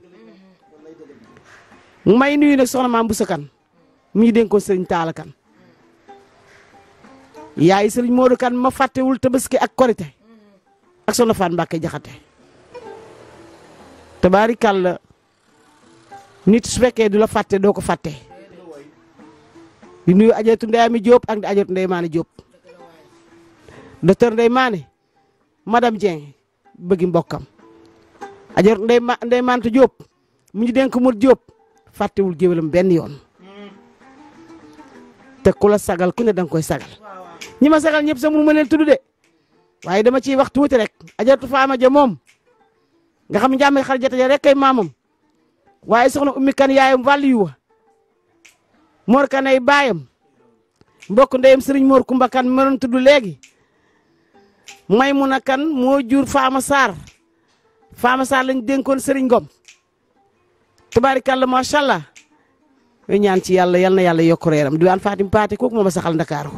may nuyu nag soxna maam Boussa Kane mi ngi dénkoon sëriñ Talla Kane yaay sëriñ Modou Kane ma fàttewul tabaski ak korite ak soxna Fane Mbacke jaxate tabaarikàlla nit su fekkee du la fàtte doo ko fatte di nuyu ajatu Ndeye Amy Diop ak ajatu Ndeye Mané Diop docteur Ndeye Mané madame Dieng bëgg mbokkam ajatu Ndeye Ma Ndeye Mante Diop mu ñu dénk mur Diop fàttewul géwélam benn yoon te ku sagal ku ne danga koy sagal ñi ma sagal ñëpp sa mënu ma leen tudd de waaye dama ciy wax tuuti rek ajatu Fama Ja moom nga xam njàmm xarjata ja rek kay maamam. waaye soxna ummi kan yaayam wàlliyu wa moor kan ay baayam mbokk ndeyam sëriñ moor kumba kan mi doon tudd léegi maymuna kan moo jur faama saar faama saar lañ dénkoon sëriñ ngom tubaarikàlla macha allah ñu ñaan ci yàlla yal na yàlla yokk reeram di waan Fatim Paate kooku moom a saxal Ndakaaru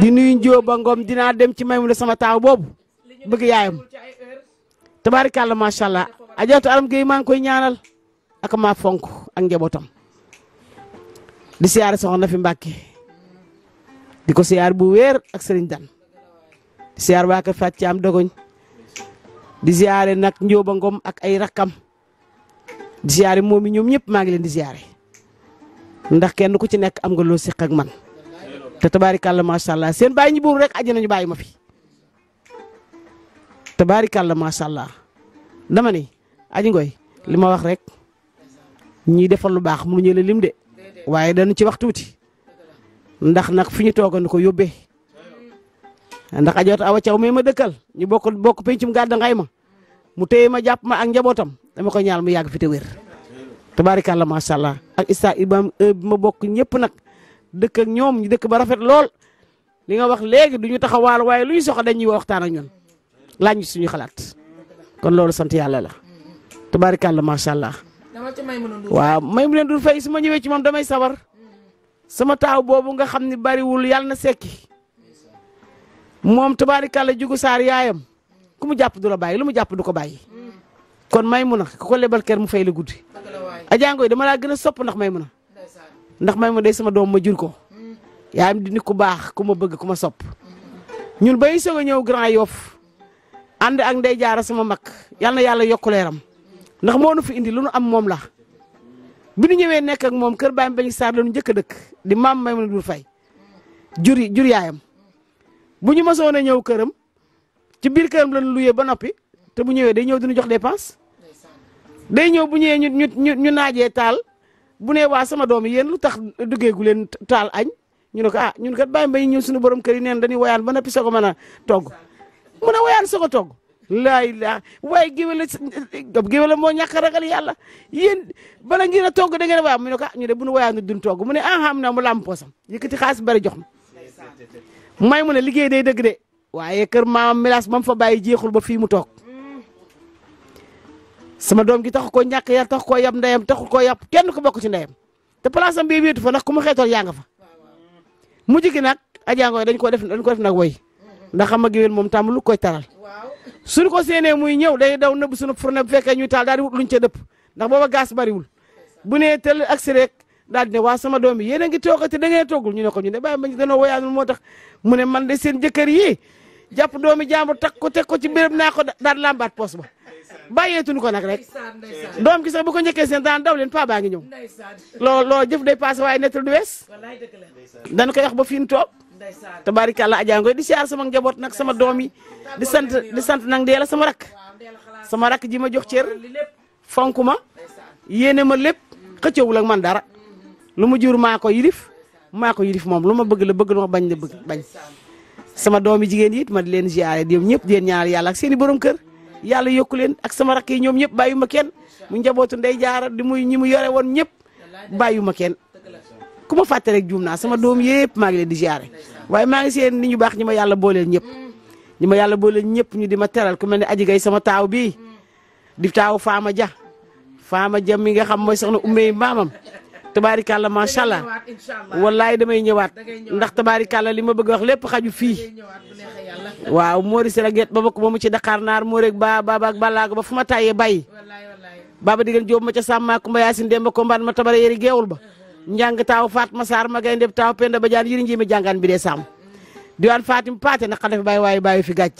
di nuyu Njóoba Ngom dinaa dem ci Maymuna sama taaw boobu bëgg yaayam tabaarikàlla macha allah ajaratu aram Gueye maa ngi koy ñaanal ak maa fonk ak njabootam di siyaare soxna fi Mbàkke di ko siyaar bu weer ak sëriñ Dan di siyaar waa kër Fatou Thiam Dogoñ di siyaare nag Njóoba ak ay rakkam di siyaare moom i ñoom ñëpp maa ngi leen di siyaare ndax kenn ku ci nekk am nga loo siq ak man te tabaarikàlla macha allah seen bàyyi ñi buur rek àjjana ñu bàyyi ma fi tabaarikàlla macha allah dama aji ngoy li ma wax rek ñiy defal lu baax mënuñu la lim de waaye dañu ci wax tuuti ndax nag fi ñu toogoon ko yóbbee ndax ajoot awa caw mais ma dëkkal ñu bokk bokk pencum gàdda ngay ma mu téye ma jàpp ma ak njabootam dama ko ñaal mu yàgg fi te bari tabaarikàlla macha allah ak isa ibam ma bokk ñëpp nag dëkk ak ñoom ñu dëkk ba rafet lool li nga wax léegi du ñu taxawaal waaye lu ñu soxla dañuy waxtaan ak ñun laaj ñu suñu xalaat kon loolu sant yàlla la. tubaarikàlla macha allah. waaw may mu leen dul fay su ma ñëwee ci moom damay sawar sama taaw boobu nga xam ne bariwul yàlla na sekki moom tubaarikàlla jugu saar yaayam ku mu jàpp du la bàyyi lu mu jàpp du ko bàyyi. kon may mu na ku ko lebal kër mu fay la guddi. ajaangooy dama laa gën a sopp ndax may mu na ndax may mu day sama doom ma jur ko yaayam di nit ku baax ku ma bëgg ku ma sopp ñun bay soog a ñëw Grand Yoff ànd ak ndey jaara sama mag yàlla yokk ndax moo nu fi indi lu nu am moom la bi nu ñëwee nekk moom kër baam bañ saar la nu njëkk a dëkk di maam may ma dul fay jur jur yaayam bu ñu masoon a ñëw këram ci biir këram la nu luyee ba noppi te bu ñëwee day ñëw dina jox dépense day ñëw bu ñëwee ñu ñu ñu naajee taal bu ne waa sama doom yéen lu tax duggeegu leen taal añ ñu ne ko ah ñun kat bàyyi mbay ñëw suñu borom kër yi neen dañuy woyaan ba noppi soog a mën a togg mun a woyaan soog togg laay laa waaye géwél la géwél la moo ñàkk a ragal yàlla yéen bala ngeen a togg da ngeen a mu ne ko ah, ñu de bu nu waayaan duñ toog mu ne ah xam naa mu làmb poosam yëkkati xaalis bari jox ma may mu ne liggéey day dëgg de waaye kër maam milaas mam fa bàyyi jeexul ba fii mu toog sama doom gi taxu koo ñàkk yar taxu koo yab ndayam taxu koo yab kenn ko bokk ci ndeyam te place am bi fa nag ku mu xeetool yaa fa mu gi nag ajango dañ ko def dañ ko def nag woy ndax xam nga moom tàmm lu koy suñ ko séenee muy ñëw day daw na nëbb suñu fourne bu fekkee ñuy taal daal di wut luñ ca dëpp ndax booba gaz bariwul bu nee tel agsi rek daal di ne waa sama doom yi yéen a ngi toogati da ngeen toggul ñu ne ko ñu ne bàyyi ma danoo woyaanul moo tax mu ne man de seen jëkkër yi jàpp doomi jàmbur takk ko teg ko ci béréb naa ko daal lambaat poos ba bàyyeetuñu ko nag rek doom gi sax bu ko njëkkee seen daan daw leen paa baa ngi ñëw loo loo jëf day passé waaye nettal du wees dañ koy wax ba fi ñu toog tabaarikàlla ajaa ngoy di siyaar sama njaboot nag sama doom yi di sant di sant nag deela sama rakk sama rakk ji ma jox cër fonk ma yéene ma lépp xëccewul ak man dara lu ma jur maa ko yilif maa yilif moom lu ma bëgg la bëgg lu ma bañ la bëgg bañ sama doom yi jigéen it ma di leen ziare ñoom ñëpp di leen ñaanal yàlla ak seen i borom kër yàlla yokku leen ak sama rakk yi ñoom ñëpp bàyyi ma kenn mu njabootu ndey jaara di muy ñi mu yore woon ñëpp bàyyi ma ku ma fàtte rek juum naa sama doom yëpp maa ngi leen di ziare waaye maa ngi seen ni ñu baax ñi ma yàlla booleel ñëpp ñi ma yàlla booleel ñëpp ñu di ma teral ku ma ne aji gay sama taaw bii di taaw faama ja faama ja mi nga xam mooy soxna ummey maamam tabaarikàlla macha allah wallaay damay ñëwaat ndax tabaarikàlla li ma bëgg wax lépp xaju fii waaw moo si raget ba bokk ma mu ci Dakar naar moo rek ba baba ak balaago ba fu ma tàyyee bàyyi baba diggan jóob ma ca sàmmaako mba yaasin demba ko mbaan ma tabara yéri geewul njàng taaw faat masaar ma gaynde taaw penda ba jaan yëri njimi jàngaan bi dee sàmm diwaan fatim paate naqa def bàyyi waaye bàyyi fi gàcc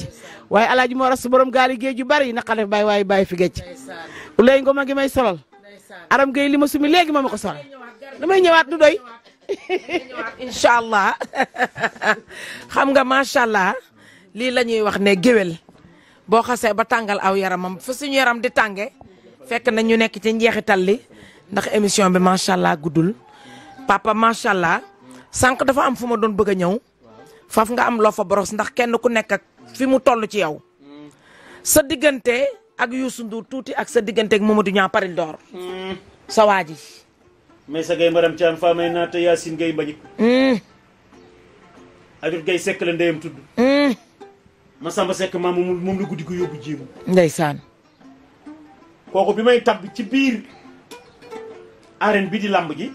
waaye alaaji moo ras borom gaali géej yu na naqa def bay waaye bàyyi fi gàcc ulay ngoma ngi may solal aram gay li ma sumi léegi ma ma ko solal damay ñëwaat nu doy incha allah xam nga macha allah lii la ñuy wax ne géwél boo xasee ba tàngal aw yaramam fa suñu yaram di tànge fekk na ñu nekk ci njeexital li ndax émission bi macha allah guddul papa macha allah sànq dafa am fu ma doon bëgg a ñëw faaf nga am loo fa boros ndax kenn ku nekk ak fi mu toll ci yow sa diggante ak Youssou Ndour tuuti ak sa diggante ak Mamadou Niang Paril hmm. sa waa ji. mais sa gay maram Thiam faa may naata Yacine Gueye Mbagnick. Hmm. Adul Gueye Seck la maam hmm. moom la guddi ko yóbbu jéem. ndeysaan. kooku bi may tabb ci biir arène bi di làmb ji.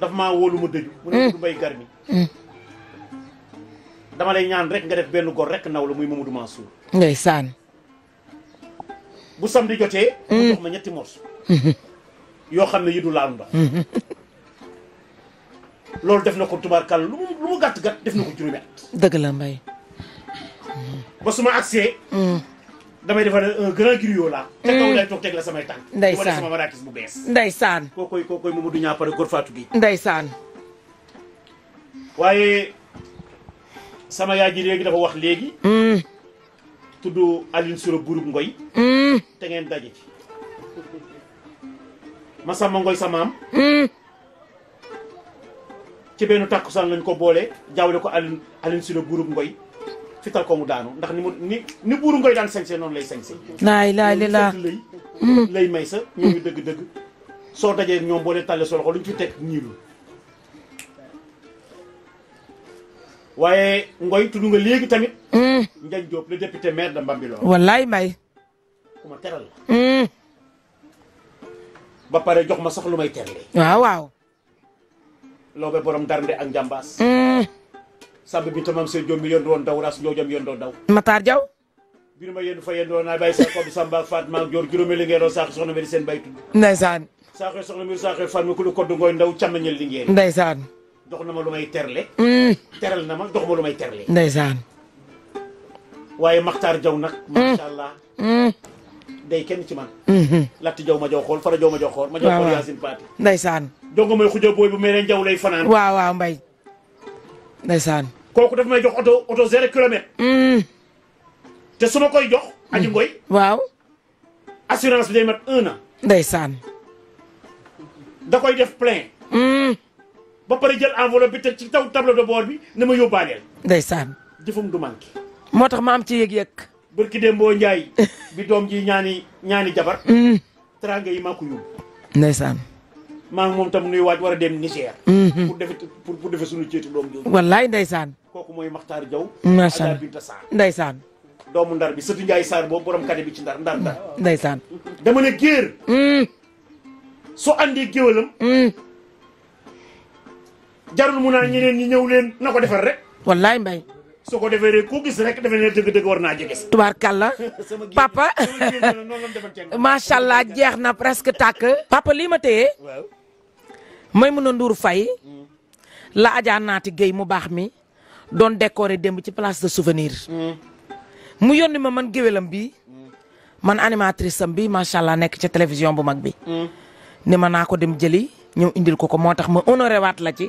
daf maa wóolu ma dëju mu ne hmm. du mbay garmi hmm. dama lay ñaan rek nga def benn góor rek naw la muy Mamadou Mansour ndeysaan bu samedi jotee mu hmm. jox ma ñetti morceau yoo xam ne yi du laal ndox loolu def na ko tubaarkàll lu mu lu mu gàtt gàtt def na ko juróomi at dëgg mbay ba su ma damay defar un grand griot la mm. te kaw lay toog teg la samay tànk. ndeysaan wala sama marakis bu bees. ndeysaan kookoy kookoy Mamadou Niang pare góor Fatou bi. ndeysaan. waaye sama yaay ji léegi dafa wax léegi. Mm. tudd Aline Soro Bourou Ngoy. Mm. te ngeen daje ci. Masamba Ngoy samaam. ci benn takkusaan lañ ko boole jaawle ko Aline Aline Soro Bourou Ngoy. fital ko mu daanu ndax ni mu ni ni buuru ngoy daan sañse noonu lay sañse laay laay hmm. lay may sa ñooñu dëgg-dëgg soo dajee ñoom boo dee tàlle soo loxo lu ñu fi teg ñiilu waaye ngoy tudd nga léegi tamit hmm. Ndiagne Diop le député maire de Bambilor wallaay may ma teral la hmm. ba pare jox ma sax lu may terle waaw waaw loo be borom darnde ak njàmbaas Samba bi tamam seen jom mi yéen doon daw ras ñoo jom yéen doon daw Matar Diaw bir ma yéen fa yéen naa bàyyi sa ko bi Samba ak Fatma ak Joor juróomi li ngeen doon saax soxna mi di seen bay tudd ndeysaan saaxee li ngeen ndeysaan dox na ma may terle mm. teral na ma dox ma lu may waaye Matar Diaw nag mm. macha allah mm. kenn ci man mm-hmm. latti jaw ma ma jow xool ma jow xool yaasin paati ndeysaan jongo may xujo booy bu mel ne jaw lay fanaan waaw waaw mbay ndeysaan kooku daf may jox oto oto zéro kilomètre. Hmm. te su ma koy jox. aji ngoy waaw. assurance bi day mat un an. ndeysaan. da koy def plein. Hmm. ba pare jël enveloppe bi teg ci taw tableau de bi na ma yóbbaaleel. ndeysaan. jëfum du manqué. moo tax ma am ci yëg-yëg. barki Dembo Ndiaye. bi doom ji ñaani ñaani jabar. Hmm. teraanga yi ma ko yóbbu. ndeysaan. maa moom tam nuy waaj war a dem Niger. Mhm. pour defe pour pour defe suñu ceetu doom jooju. wallaay ndeysaan. kooku mooy Makhtar Diaw. macha allah Adja Binta Sarr doomu ndar bi sëtu Ndiaye Sarr boobu borom kade bi ci ndar ndar ndar. ndeysaan. dama ne géer. Mm. soo andi géwélam. Mm. jarul mu ñi ñëw leen na ko defar rek. wallaay mbay. soo ko defee rek ku gis rek defe ne dëgg-dëgg war naa jege. tubaarkàlla papa macha allah jeex na presque tàkk. papa lii ma téye. Maimouna Ndour fay la Adja Naati Guèye mu baax mi doon décorer demb ci place de souvenir. mu yónni ma man géwélam bi man animatrice am bi macha allah nekk ca télévision bu mag bi. ni ma naa ko dem jëli ñëw indil ko ko moo tax ma honoré waat la ci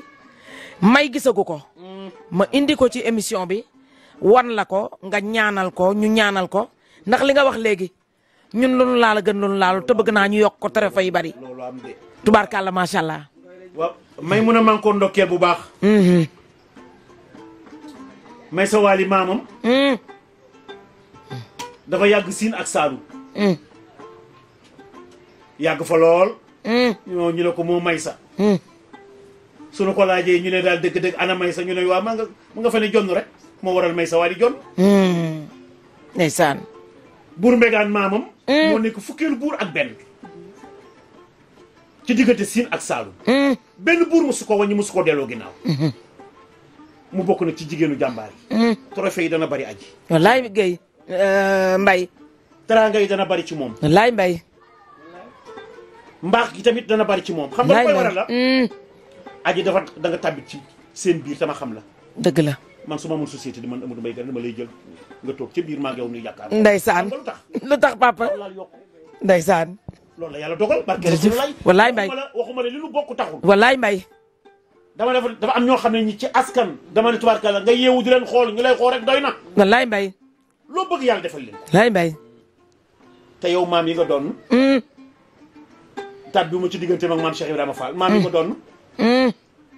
may gisagu ko. ma indi ko ci émission bi wan la ko nga ñaanal ko ñu ñaanal ko ndax li nga wax léegi ñun lu laal a gën lu nu te bëgg naa ñu yokk ko tarafa yi bari. tubaarkàlla macha allah. waaw may mun a man ko ndokkeel bu baax mhm. may sa maamam mhm. dafa yàgg siin ak saaru mhm. yàgg fa lool ñoo ñu ne ko moo may sa suñu ko laajee ñu ne daal dëgg-dëgg ana may sa ñu ne waaw ma nga ma nga fa ne jonn rek moo waral may sa waali jonn ndeysaan buur mbegaan maamam moo nekk fukkeelu buur ak benn ci diggante Siin ak Saalum. Hmm. benn buur mosu ko wàññi mosu ko delloo ginnaaw. Hmm. mu bokk nag ci jigéenu jàmbaar yi. Hmm. trophée yi dana bari aji. wallaay Guèye euh, Mbaye. teraanga yi dana bari ci moom. wallaay Mbaye. mbaax gi tamit dana bari ci moom. xam nga koy waral la. aji dafa danga nga ci seen biir tama xam la. dëgg la. man suma ma amoon société di man Amadou Mbaye Kane dama lay jël nga toog ca biir maa ngi yow nuy yàkkaar. ndeysaan lu tax papa ndeysaan. loolu la yàlla dogal. jërëjëf wallaay mbay waxuma ne li nu bokk taxul. wallaay mbay. dama def dafa am ñoo xam ne ñi ci askan. dama ne tubaarkalla nga yeewu di leen xool ñu lay xool rek doy na. wallaay mbay. loo bëgg yàlla defal leen. wallaay mbay. te yow maam yi nga doon. Mm. tab bi ma ci digganteem ak maam Cheikh Ibrahima Fall. maam yi nga mm. doon. Mm.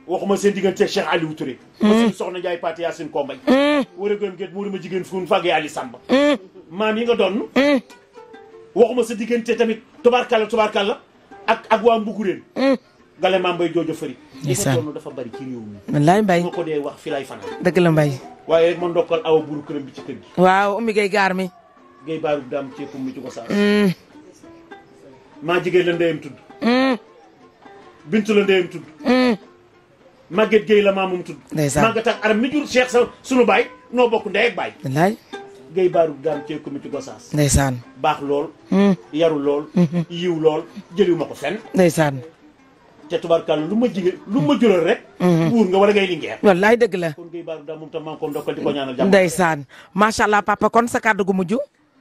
waxuma seen digganteeg Cheikh Aliou Touré. ma soxna Ndiaye Pate Yacine Kombay. wërëgën gét muuruma jigéen fu mu fàggee Ali Samba. maam yi nga doon. waxuma sa diggante tamit tubaarkàlla tubaarkàlla ak ak waa Mbuguréen. Hmm. Gale maa mbay joojo fëri. dafa bari ci réew mi. wallaay Mbaye ma ko dee wax fi laay fanaan. dëgg la Mbaye. waaye rek ma ndokkal awa buuru këram bi ci kër gi. waaw Oumy Gueye gaar mi. Gueye baaru daam ceekum mi ci ko saas. Hmm. maa jigéen la ndeyam tudd. Hmm. Bintu la ndeyam tudd. Maguette Gueye la maamum tudd. ndeysaan Maguette ak aram mi jur Cheikh sa sunu baay noo bokk ndey ak baay. Guèye Barou Dame cee comité Gossas. ndeysaan baax lool. Hmm. yaru lool. Hmm. yiw lool jëliwuma ko fenn. ndeysaan. te tubaarkàlla lu ma jigéen lu ma jural rek. buur hmm. nga wala ngay lingeer. wallaay dëgg la kon Guèye Barou Dame moom tam maa ngi ko ndokkal di ko ñaanal macha allah papa kon sa kàddu gu mujj.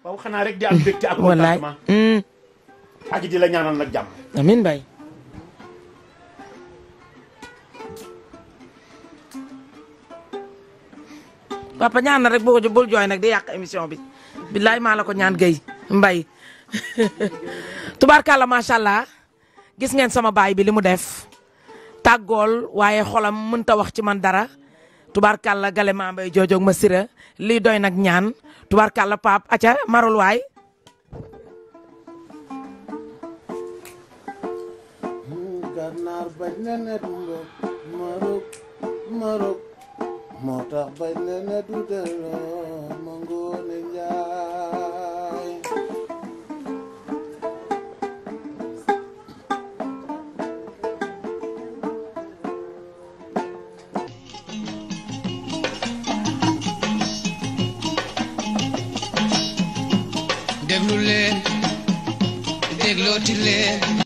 waaw xanaa rek di am mbégte ak contentement. ak di la ñaanal nag jàmm. amiin Baye. papa ñaan na rek boo ko bul jooy nag di yàq émission bi billaay maa ko ñaan gay mbay tubaarkàlla macha allah gis ngeen sama baay bi li mu def tàggool waaye xolam mënta wax ci man dara tubaarkàlla gale maa mbay joojoog ma sira lii doy nag ñaan tubaarkàlla pap aca marul waay moo tax bañ ne ne du delloo ma ngoone njaay déglu leen déglooti leen